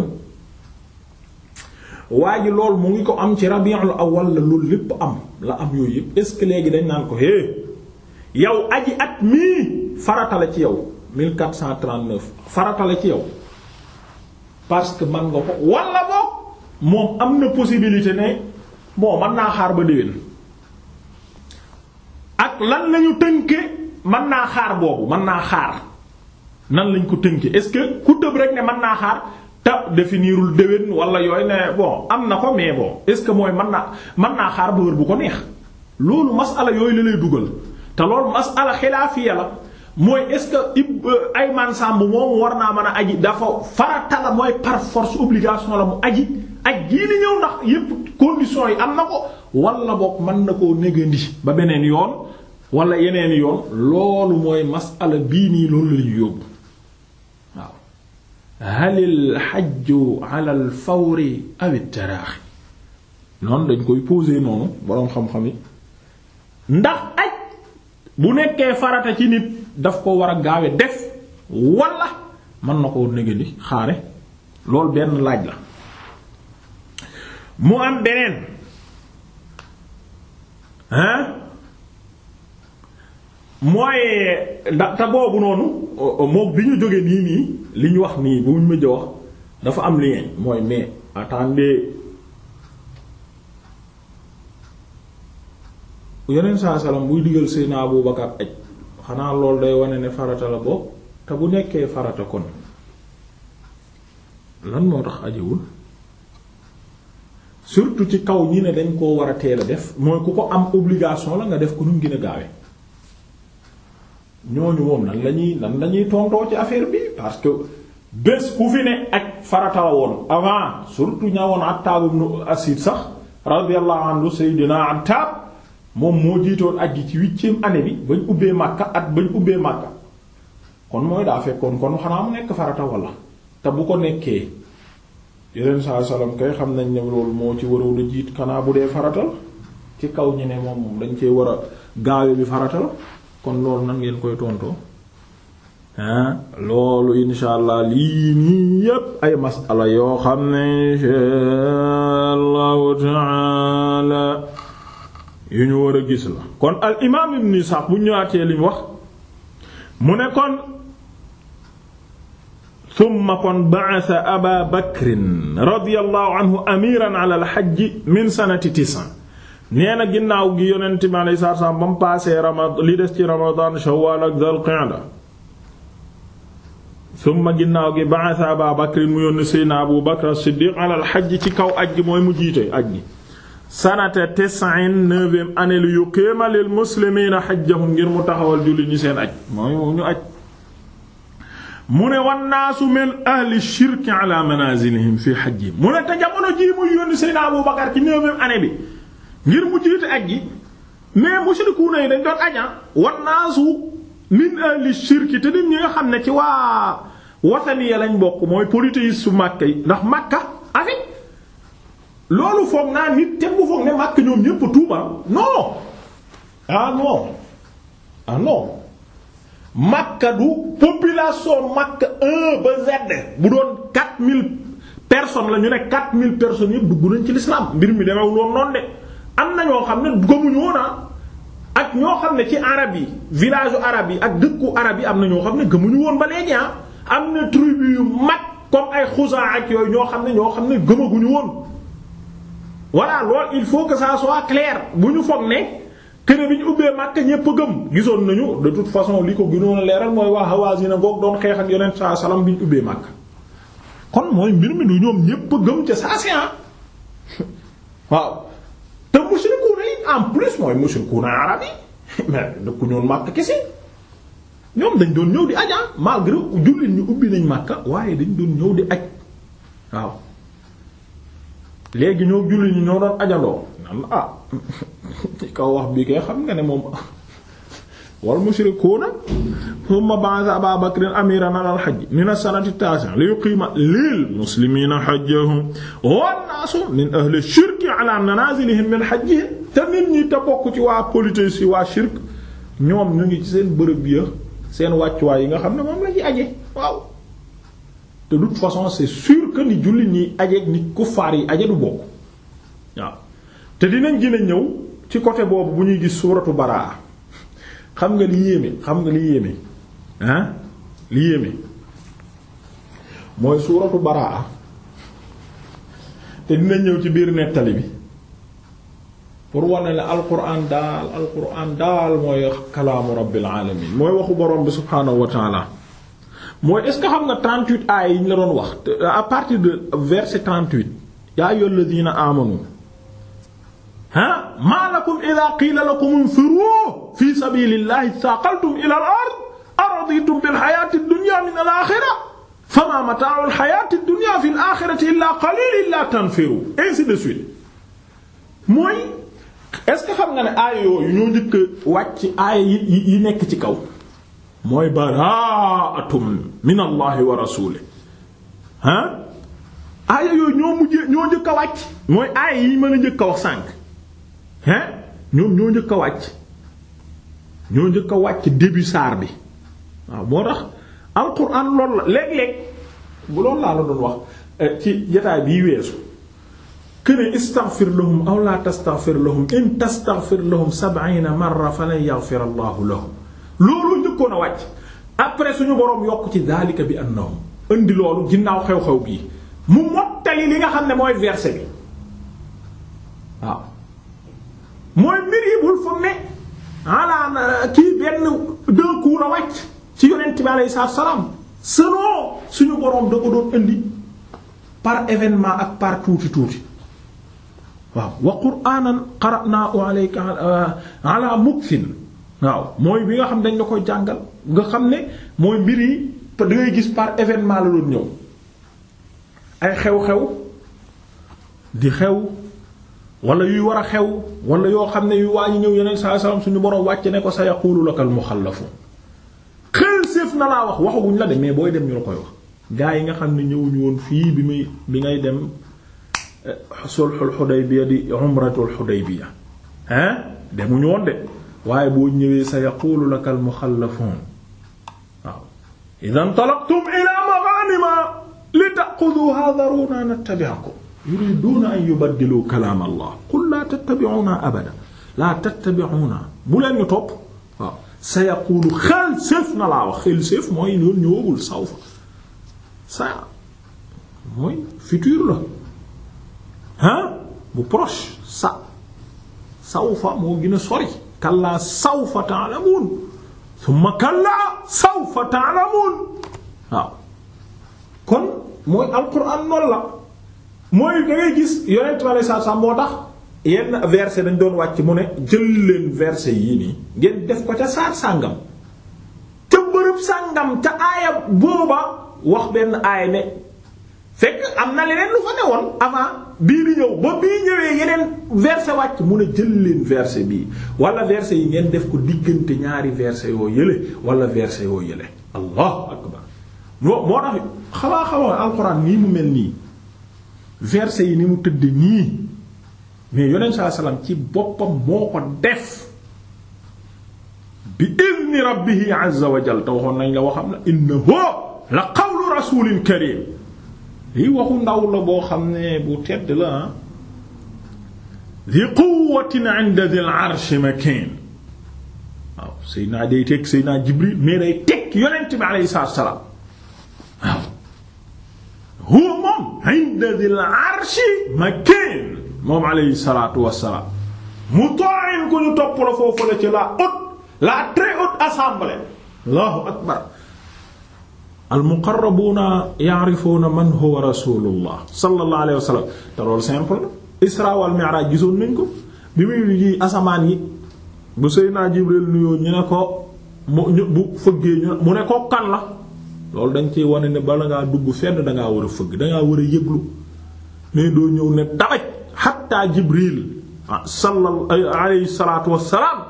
waa ji loolu mu ngi ko am ci rabiul awal la loolu lépp am la am yooyu yëpp est-ce que léegi dañ naan ko hé yow aji at mii farata la ci yow 1439 farata la ci yow parce que man nga ko walla boog moom am na possibilité ne bon mën naa xaar ba déwén ak lan nañu tënke mën naa xaar boobu mën naa xaar nan lañ ko tënkee est-ce que ku tëb rek ne mën naa xaar te definiirul déwén wala yooy ne bon am na ko mais bon est-ce que mooy man naa mën naa xaar ba bu ko neex loolu masala yooyu la lay dugal te loolu masala xilaafiya la mooy est-ce que ib euh, Ayman Samb moom war naa man a aji dafa farata la mooy par force obligation la mu aji ak jii li ñëw ndax yépp conditions yi am na ko wala boog mën na koo négandi ba beneen yoon wala yeneen yoon loolu mooy masala bii nii loolu la ñuy halil xajju alal fawri awit taraaxi noonu dañ koy poser noonu boroom xam-xam yi ndax aj bu nekkee farata ci nit daf ko war a gaawe def wala mën na koo négandi xaare lool benn laaj la mu am beneen hein mooy da te boobu noonu mook bi ñu jógee nii nii li ñu wax nii bu ñu mujj wax dafa am lien mooy mais attendez yeneen saa salaam buy digal Seydina Abu Bakar aj xanaa loolu day wane ne farata la bokk te bu nekkee farata kon lan moo tax ajiwul surtout ci kaw ñi ne dañ koo war a teel def mooy ku ko am obligation la nga def ko nu mu gën gaawee ñooñu moom nan la nan la ñuy tontoo ci affaire bi parce que bés ku fi ne ak farata woon avant surtout ñaawoon Attaab ibnu Asiid sax radiyallahu anhu Seydina Attaab moom moo jiitoon ak aji ci huitième année bi bañ ubbee Makka at bañ ubbee Makka kon mooy daa fekkoon kon xanaa mu nekk farata walla te bu ko nekkee yeneen saa salaam kay xam nañ ne loolu moo ci waroon a jiit xanaa bu dee farata ci kaw ñi ne moom moom dañ cee war a gaawe bi farata kon loolu nan ngeen koy tontoo ah loolu insha lii nii yépp ay masala yoo xam ne insha allahu yu ñu war a gis la kon al imaam ibn Isaaq bu ñëwaatee li mu wax mu ne kon summa kon ba'atha aba bakrin radiyallahu anhu amiran ala al min sanati tis'a nee na ginnaaw gi yonent mi alayhi salaatu ba mu paasee ramadan li des ci ramadan shawwal ak dhul qa'da summa ginnaaw gi ba'atha Abaa Bakr mu yónni Seydina Abu Bakr as-Siddiq ala ci kaw aj mooy mu jiite aj mu taxawal julli ñi seen ne wan naasu ahli shirki manazilihim fi hajjihim mu ne te jamono ji muy yónni Seydina Abu Bakr ci neuvième année bi ngir mu jiite aj gi mais mushrikuuna yi dañ doon ajan wan naasu min ahli shirki te nit ñi nga xam ne ci waa wataniya lañ bokk mooy polythéiste su Makka yi ndax Makka afi loolu foog naa nit te bu foog ne Makka ñoom ñépp tuuba non ah non ah non Makka du population Makka 1 ba Z bu doon 4000 personnes la ñu ne 4000 personnes yépp dugg nañ ci l'islam mbir mi demeewul woon noonu de am na ñoo xam ne gëmuñu woon ah. ak ñoo xam ne ci arab yi village arab yi ak dëkku arab yi am na ñoo xam ne gëmuñu woon ba léegi ah am na tribu yu mag comme ay xusa ak yooyu ñoo xam ne ñoo xam ne gëmaguñu woon. voilà loolu il faut que ça soit clair bu ñu foog ne kër bi ñu ubbee Makka ñépp a gëm gisoon nañu de toute façon li ko gënoon a leeral mooy waa Hawazin ngoog doon xeex ak Yonent saa salaam bi ñu ubbee Makka kon mooy mbir mi du ñoom ñépp a gëm ca saa si ah. [LAUGHS] waaw. te mushrikuuna yi en plus mooy mushrikuuna arab yi [LAUGHS] mais dëkku ñoon Makka kese ñoom dañ doon ñëw di aja ah, malgré jullit ñu ubbi nañ Makka waaye dañ doon ñëw di aj waaw léegi ñoo jullit ñi ñoo doon ajandoo nan ah [LAUGHS] ci kaw wax bi kay xam nga ne moom [LAUGHS] wal mushrikuuna thumma naasu min ahli shirki ala manazilihim min hajjihim ci waa politique ci waa ñoom ñu ngi ci seen bërëb ya seen wàccuwaay yi nga xam ne moom la ñuy aje waaw façon c'est sûr que ni jullit ñi ajeeg ni kuffaar yi aje du bokk waaw te dinañ gën a ñëw ci côté boobu bu ñuy gis suuratu baraa xam nga li yéeme xam nga li yéeme ah li yéeme mooy suuratu baraa te dina ñëw ci biir nettali bi pour wane ne alquran daal alquran daal mooy kalaamu rabbil alamin mooy waxu borom bi subhaanahu wa taala mooy est-ce que xam nga 38 aay yi la doon wax à partir de verset 38 yaa ayyuhal ladina amanu ha ma lakum idha qila lakum infiru fi sabilillahi thaqaltum ila al-ard araditum bil hayati ad-dunya min al-akhirah fama mata'ul hayatid dunya fil akhirati illa qalil illa tanfiru ainsi de suite mooy est-ce que xam nga ne aaya yooyu ñoo njëkk wàcc aaya yi yi nekk ci kaw mooy baraatum min allahi wa rasulih ah aaya yooyu ñoo mujjee ñoo njëkk a wàcc mooy aaya yi mën a njëkk a wax sànq ñoo njëkk a wàcc ñoo a bi waaw moo tax alquran loolu la léeg-léeg bu loolu laa la doon wax eh, ci jotaay bii weesu këne istaghfir lahum aw la tastaghfir lahum in tastaghfir lahum sab'ina marra falan yaghfir allahu lahum loolu njëkkoon a wàcc après suñu boroom yokk ci daalika bi annahum indi loolu ginnaaw xew-xew bii mu mottali li nga xam ne mooy verset bi waaw mooy mbir yi ne ala kii benn deux coups la ci yonent bi alayhi salaam selon suñu boroom da ko doon indi par événement ak par tuuti tuuti waaw wa qur'aanan qara'naahu alayka euh, ala mukthin waaw mooy bi nga xam dañ la koy jàngal nga xam ne mooy mbir yi da ngay gis par événement la doon ñëw ay xew-xew di xew wala yuy war a xew wala yoo xam ne yuy waa ñi ñëw yeneen saa salaam suñu boroom wàcc ne ko sayaqulu lakal muxallafuun na laa wax la dem mais booy dem ñu la koy wax gaa yi nga xam ne ñëwuñu woon fii bi muy bi ngay dem eh, sulhul Hudaybiya di waaye boo ñëwee sa yaqulu laka al muxallafuun waaw idan talaqtum ilaa maghanima li ta'xuduhaa daruunaa nattabi'akum yuriiduuna an yubaddilu kalaam Allah qul laa tattabi'uunaa abadan laa tattabi'uunaa bu ñu topp sa yaqulu xel séef na laa wax xel séef mooy loolu ñëwagul saw fa sa mooy futur la ah bu proche sa saw fa moo gën a sori kallaa saw fa ta'lamun summa kallaa saw fa ta'lamun kon mooy alquran noonu mooy da gis yonent bi sallallahu yenn verset dañ doon wàcc mu ne jël leen verse yii nii ngeen def ko ca saar sàngam ca bërëb sàngam ca aaya booba wax benn aaya ne fekk am na leneen lu fa ne woon avant bii di ñëw ba bii ñëwee yeneen verset wàcc mu ne jël leen verset bii wala verset yi ngeen def ko diggante ñaari verset yoo yële wala verset yoo yële allahu akbar moo moo tax xawaa xawaa alxuraan nii mu mel nii verset yi ni mu tëdd nii mais yonent saa salaam ci boppam moo ko def bi idni rabbihi azza wa jal te waxoon nañ la waxam na innahu la qawlu rasulin karim lii waxu ndaw la boo xam ne bu tedd la ah di quwwatin 'inda dhil 'arshi makin waaw Seydina day tekk Seydina Jibril mais day tekk yonent bi alayhi salaatu salaam waaw huwa moom 'inda dhil 'arshi makin moom alayhi salaatu wassalaam mu toin ku ñu topp la foofu la ci la haute la très haute assemblée allahu akbar almuqarrabuuna ya'rifuuna man huwa rasulullah sallallahu alayhi wa sallam te loolu simple la isra wal mi'raj gisoon nañ ko bi muy yi asamaan yi bu Seydina Jibril nuyoo ñu ne ko mu bu fëggee ñu mu ne ko kan la loolu dañ ciy wone ne bala ngaa dugg fenn dangaa war a fëgg dangaa war a yëglu mais doo ñëw ne tabaj xatta jibril ah, sallallahu alayhi salaatu wassalaam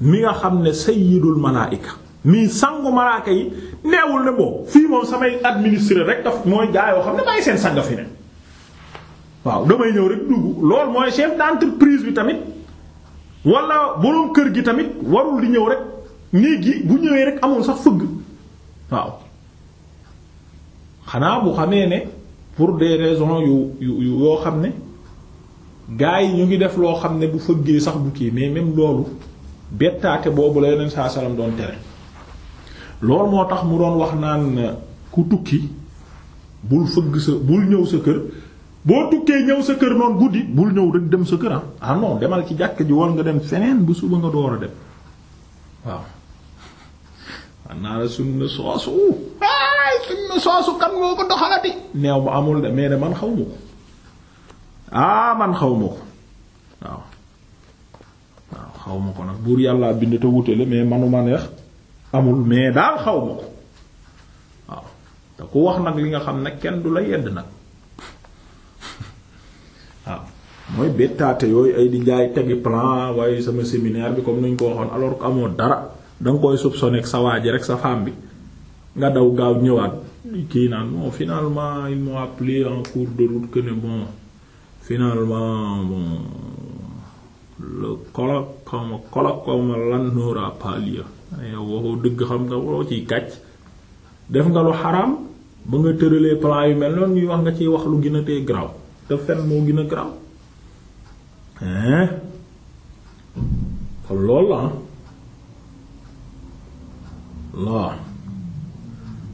mi nga xam ne sayyidul malaa'ika mii sangu malaaka yi neewul ne boo fii moom samay administré rek daf mooy jaayoo xam ne bàyyi seen sanga fi ne waaw damay ñëw rek dugg loolu mooy chef d'entreprise bi tamit walla boroom kër gi tamit warul di ñëw rek néeg yi bu ñëwee rek amul sax fëgg waaw xanaa bu xamee ne pour des raisons yu yu yoo xam ne gaa yi ñu ngi def loo xam ne bu fëggee sax bu kii mais même loolu bettaate boobu la yeneen saa salaam doon tere loolu moo tax mu doon wax naan ku tukki bul fëgg sa bul ñëw sa kër boo tukkee ñëw sa kër noonu guddi bul ñëw rek dem sa kër ah ah demal ci jàkk ji war nga dem feneen bu suba nga door a dem waaw xam naa la sunna soosu ay sunna soosu kan moo ko neew ma amul de mais man xaw ma ko ah man xaw ma ko waaw waaw xaw ma ko nag buur yàllaa bind te wutale mais manuma neex amul mais daal xaw ma ko waaw te ku wax nag li nga xam ne kenn du la yedd nag [LAUGHS] waaw mooy bettaate yooyu ay di jaay tegi plan waaye sama séminaire bi comme ni ko waxoon alors que amoo dara da nga koy soupçonner ak sa waa ji rek sa femme bi nga daw gaaw ñëwaat kii naan bon finalement il m'a appelé en cours de route que ne bon. finalement bon le colloque comme colloque lan n'aura pas yow waxoo dëgg xam nga loo ciy kàcc def nga lu xaraam ba nga tëralee plan yu mel noonu ñuy wax nga ci wax lu gën a tee graw te fen moo gën a graw hein kon loolu la ah.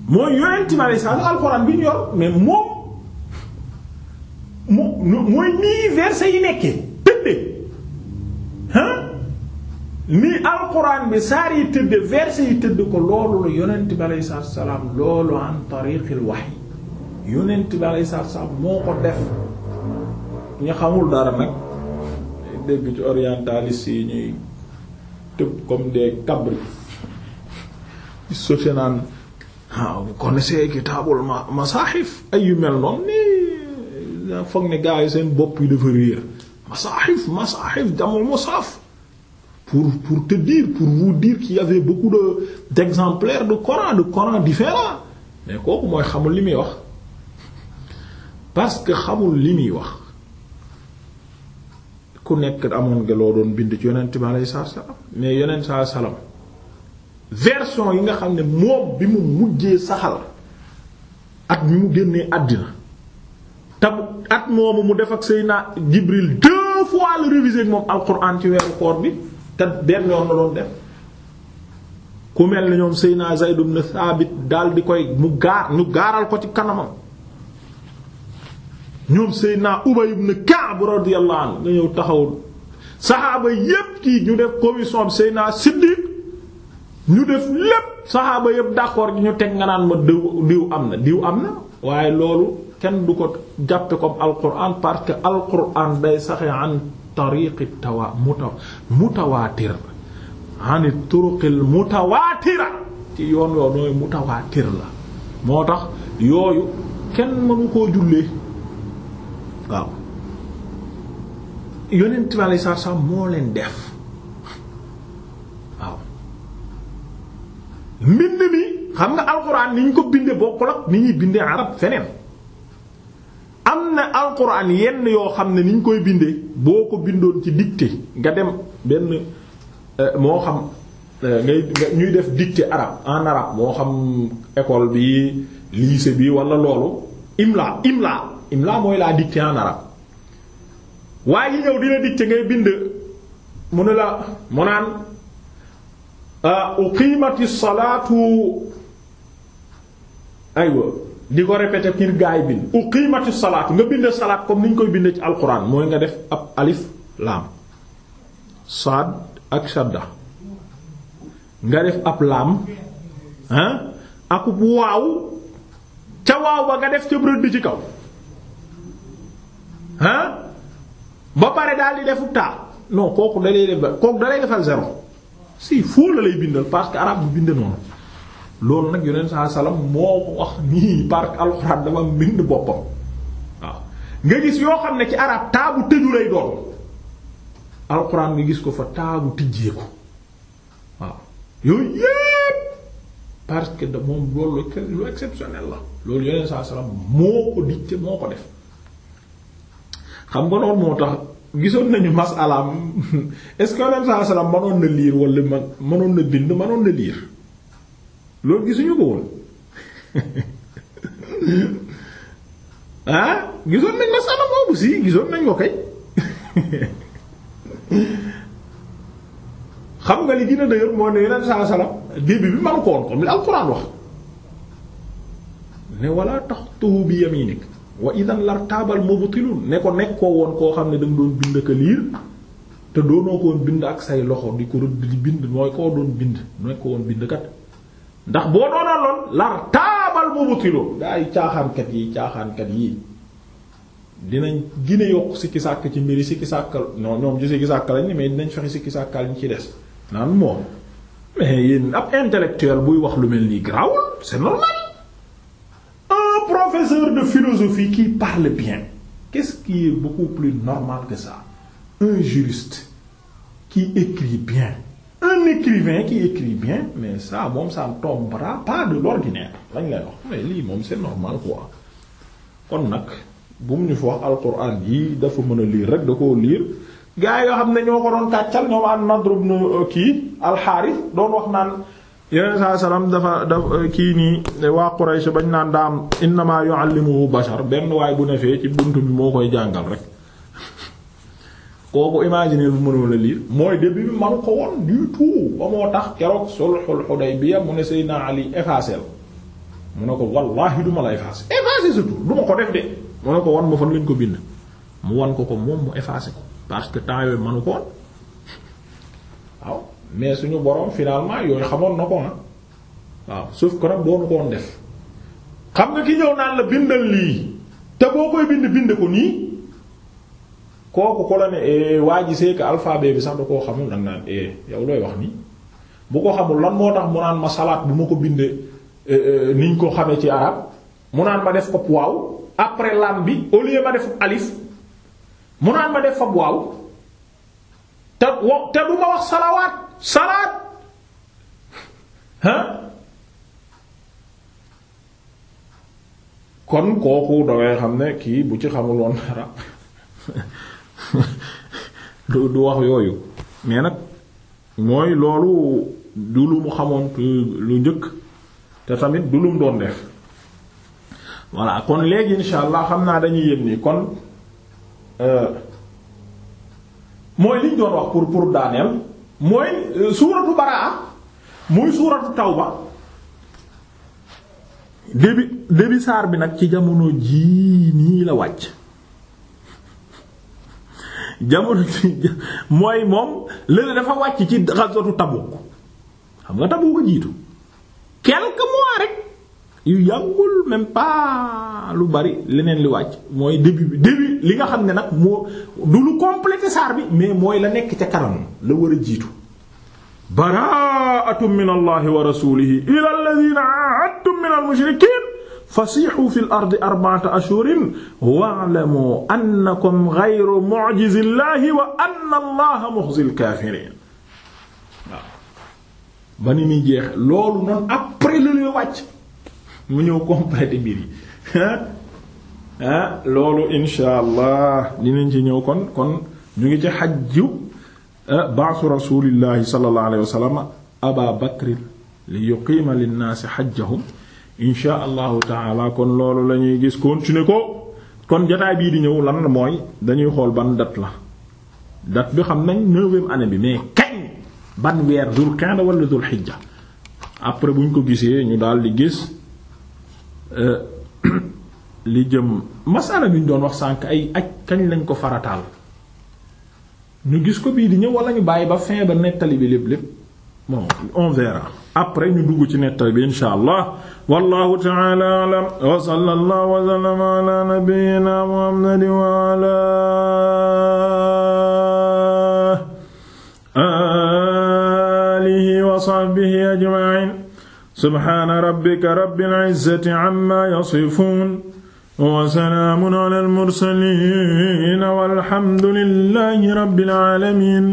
mooy yonenti ma ne bi ñu yor mais moom mu mooy nii verset yi nekkee tëddee ah nii alquran bi saar yi tëddee verset yi tëdd ko loolu la yonent bi alayhi salaatu salaam loolu an tariqil wahyi yonent bi alayhi salaam moo ko def ñu xamul dara nag dégg ci orientaliste yi ñuy tëb comme des cabri sote naan ah vous connaissez kitaabul ma masahif ay yu mel noonu nii foog ne gars yi seen bopp yi dafa réer masahif masahif jamu mushaf pour pour te dire pour vous dire qu'il y avait beaucoup de d'exemplaires de Coran de Coran différents mais kooku mooy xamul li muy wax parce que xamul li muy wax ku nekk amoon nga loo doon bind ci yonent bi alayhi salaam mais yonent saa salaam version yi nga xam ne moom bi mu mujjee saxal ak bi mu génnee àddina at moomu mu def ak Seydina naa deux fois la révisé ak moom alquran ci weeru koor bi te benn yoon la doon def ku mel ni ñoom Seydina Zayd ibn Thabit daal di koy mu gaar ñu gaaral ko ci kanamam ñoom na Ubay ibn Ka'b radiyallahu anhu nga ñëw taxawul saxaaba yépp kii ñu def commission bi Seydina Siddiq ñu def lépp saxaaba yépp d'accord ñu teg nga naan ma diw diw am na diw am na waaye loolu kenn du ko jàppe comme alquran parce que alquran day saxe an tariqi tawa muta mutawaatir an turuqil mutawaatira ci yoon yoon mooy mutawaatir la moo tax yooyu kenn mënu koo jullee waaw yonent bi alei satu moo leen def waaw mbind mi xam nga alxuraan ni ñu ko bindee bokkul ak ni ñuy bindee arab feneen ne yoo xam ne ni koy bindee boo ko bindoon ci dictée nga dem benn euh, moo xam euh, def dictée moo xam école bi lycée bi wala loolu imla imla mooy laa dictée en arabe waaye yi ñëw mu ne la mu naan euh, uqiimati salaatu aywa di ko répéter ngir gaay bind uqiimati salaat nga bind salaat comme ni ñu koy bind ci alquran mooy nga def ab alif laam saad ak shadda nga def ab laam aku akub waaw ca waaw ba nga def ca rëdd ci kaw ah ba pare daal di defu taa non kooku dalay def ba kooku dalay defal zéro si foo la lay bindal parce que bu bind noonu loolu nag yonent saa salaam moo ko wax nii bark alxuraan dafa mbind boppam waaw nga gis yoo xam ne ci arab taabu tëju lay doon alxuraan nga gis ko fa taabu tijjeeku waaw yooyu yépp parce que loolu lu exceptionnel la loolu yonent saa salaam moo ko dicté moo ko def xam nga loolu moo tax gisoon nañu masalaam [LAUGHS] est-ce que yonent saa salaam mënoon na liir wala mënoon na bind manoon na liir loolu gisuñu ko woon [LAUGHS] ah gisoon nañ masala boobu si gisoon nañ ko kay xam nga li dina dëgër moo ne yeneen saa salaam début bi manu ko woon comme li alxuraan wax ne wala taxtuhu bi yaminik wa idan lartaabal mubtilun ne ko nekkoo woon koo xam ne danga doon bind ak liir te doonoo ko bind ak say loxo di ko rëdd di bind mooy koo doon bind nekkoo woon bind kat ndax boo doonoon loon lar taabal mubtilun gaa yi caaxaankat yi caaxaankat yi dinañ gine yokk sikki sàkk ci mbiri sikki sàkkal non ñoom ci sikki sàkk lañ ne mais dinañ fexe sikki sàkkal ñu ci des naan moom mais yéen ab intellectuel buy wax lu mel nii grawul c'est normal un professeur de philosophie qui parle bien qu'est-ce qui est bu plus normal que ça un juriste qui écrit bien un écrivain qui écrit bien mais ça moom ça ne tombera pas de l'ordinaire lañ lay wax mais lii moom c'est normal quoi kon nag bu mu ñu fi wax alquran yi dafa mën a liir rek da koo liir gaa yoo xam ne ñoo ko doon kàccal ñoom an nadrub euh, nu kii alxaaris doon wax naan yeneen saa salaam dafa dafa euh, kii nii waa Quraysh bañ naan daam innamaa yu'allimuhu bashar benn waay bu ne fee ci bunt bi moo koy jàngal rek [LAUGHS] kooku imaginer lu mënoon a lire mooy début bi manu ko woon du tout ba moo tax keroog sulhul Hudaybiya mu ne Seydina Ali effacé mu ne ko wallaahi du la effacé effacé surtout du ko def de mu ne ko wan ma fan lañ ko bind mu wan ko ko moom mu effacé ko parce que temps yooyu manu ko waaw mais suñu borom finalement yooyu xamoon na ko na waaw sauf que nag doonu ko woon def xam nga ki ñëw naan la bindal lii te boo koy bind bind ko nii. kooku ko la ne eh, waa ji c'est que alphabet bi sax da koo xamul da nga eh, yow looy wax nii bu ko xamul lan moo tax mu naan ma salaat bu ma ko bindee eh, niñ ko xamee ci arab mu naan ma def ko waaw après lam bi au lieu ma def alif mu naan ma def fa waaw te wo te du ma wax salawaat salaat ah. kon kooku dangay xam ne kii bu ci xamul woon dara. [LAUGHS] [LAUGHS] du du wax yooyu mais nag mooy loolu du lu mu xamoon lu njëkk te tamit du lu doon def voilà kon léegi insha allah xam naa dañuy yem ni kon euh, mooy liñ doon wax pour pour daaneel mooy euh, suuratu baraa muy suuratu tawba début début saar bi nag ci jamono jii nii la wàcc jamono mooy moom lële dafa wàcc ci ghazwatu Tabuk xam nga Tabuk a jiitu quelques mois rek yu yàngul même pas lu bari leneen li wàcc mooy début bi début li nga xam ne nag moo du lu complété saar bi mais mooy la nekk ca kanam la war a jiitu bara'atun min allahi wa rasulihi ila alladhina ahadtum min al fasiixu fil ardi arba'ata ashhurin wa'lamu annakum ghayru mu'jizillaahi wa anna Allaha ni muy jeex loolu noonu après la wàcc mu ñëw complété mbir yi [LAUGHS] ah, loolu insha dinañ ci ñëw kon kon ñu ngi ci xajju ah, ba'su rasulillahi sallallahu alayhi wa sallam aba bakr li yuqiima linnaasi xajjahum insha allahu taala kon loolu lañuy gis continuer ko kon jataay bii di ñëw lan la mooy dañuy xool ban date la date bi xam nañ neuvième année bi mais kañ ban weer dul qa'da wala dul xijja après bu ñu ko gisee ñu daal di gis euh, [COUGHS] li jëm masala bi ñu doon wax sànq ay aj kañ lañ ko farataal ñu gis ko bii di ñëw wala ñu bàyyi ba fin nekkali bi lépp lépp. bon on verra après ñu dugg ci nettali bi insha allah wallahu ta'ala a'lam wa sallallahu wa sallama ala nabiyyina muhammadin wa ala alihi wa sahbihi ajma'in subhana rabbika rabbil izzati amma yasifun wa salamun ala al mursalin walhamdulillahi rabbil alamin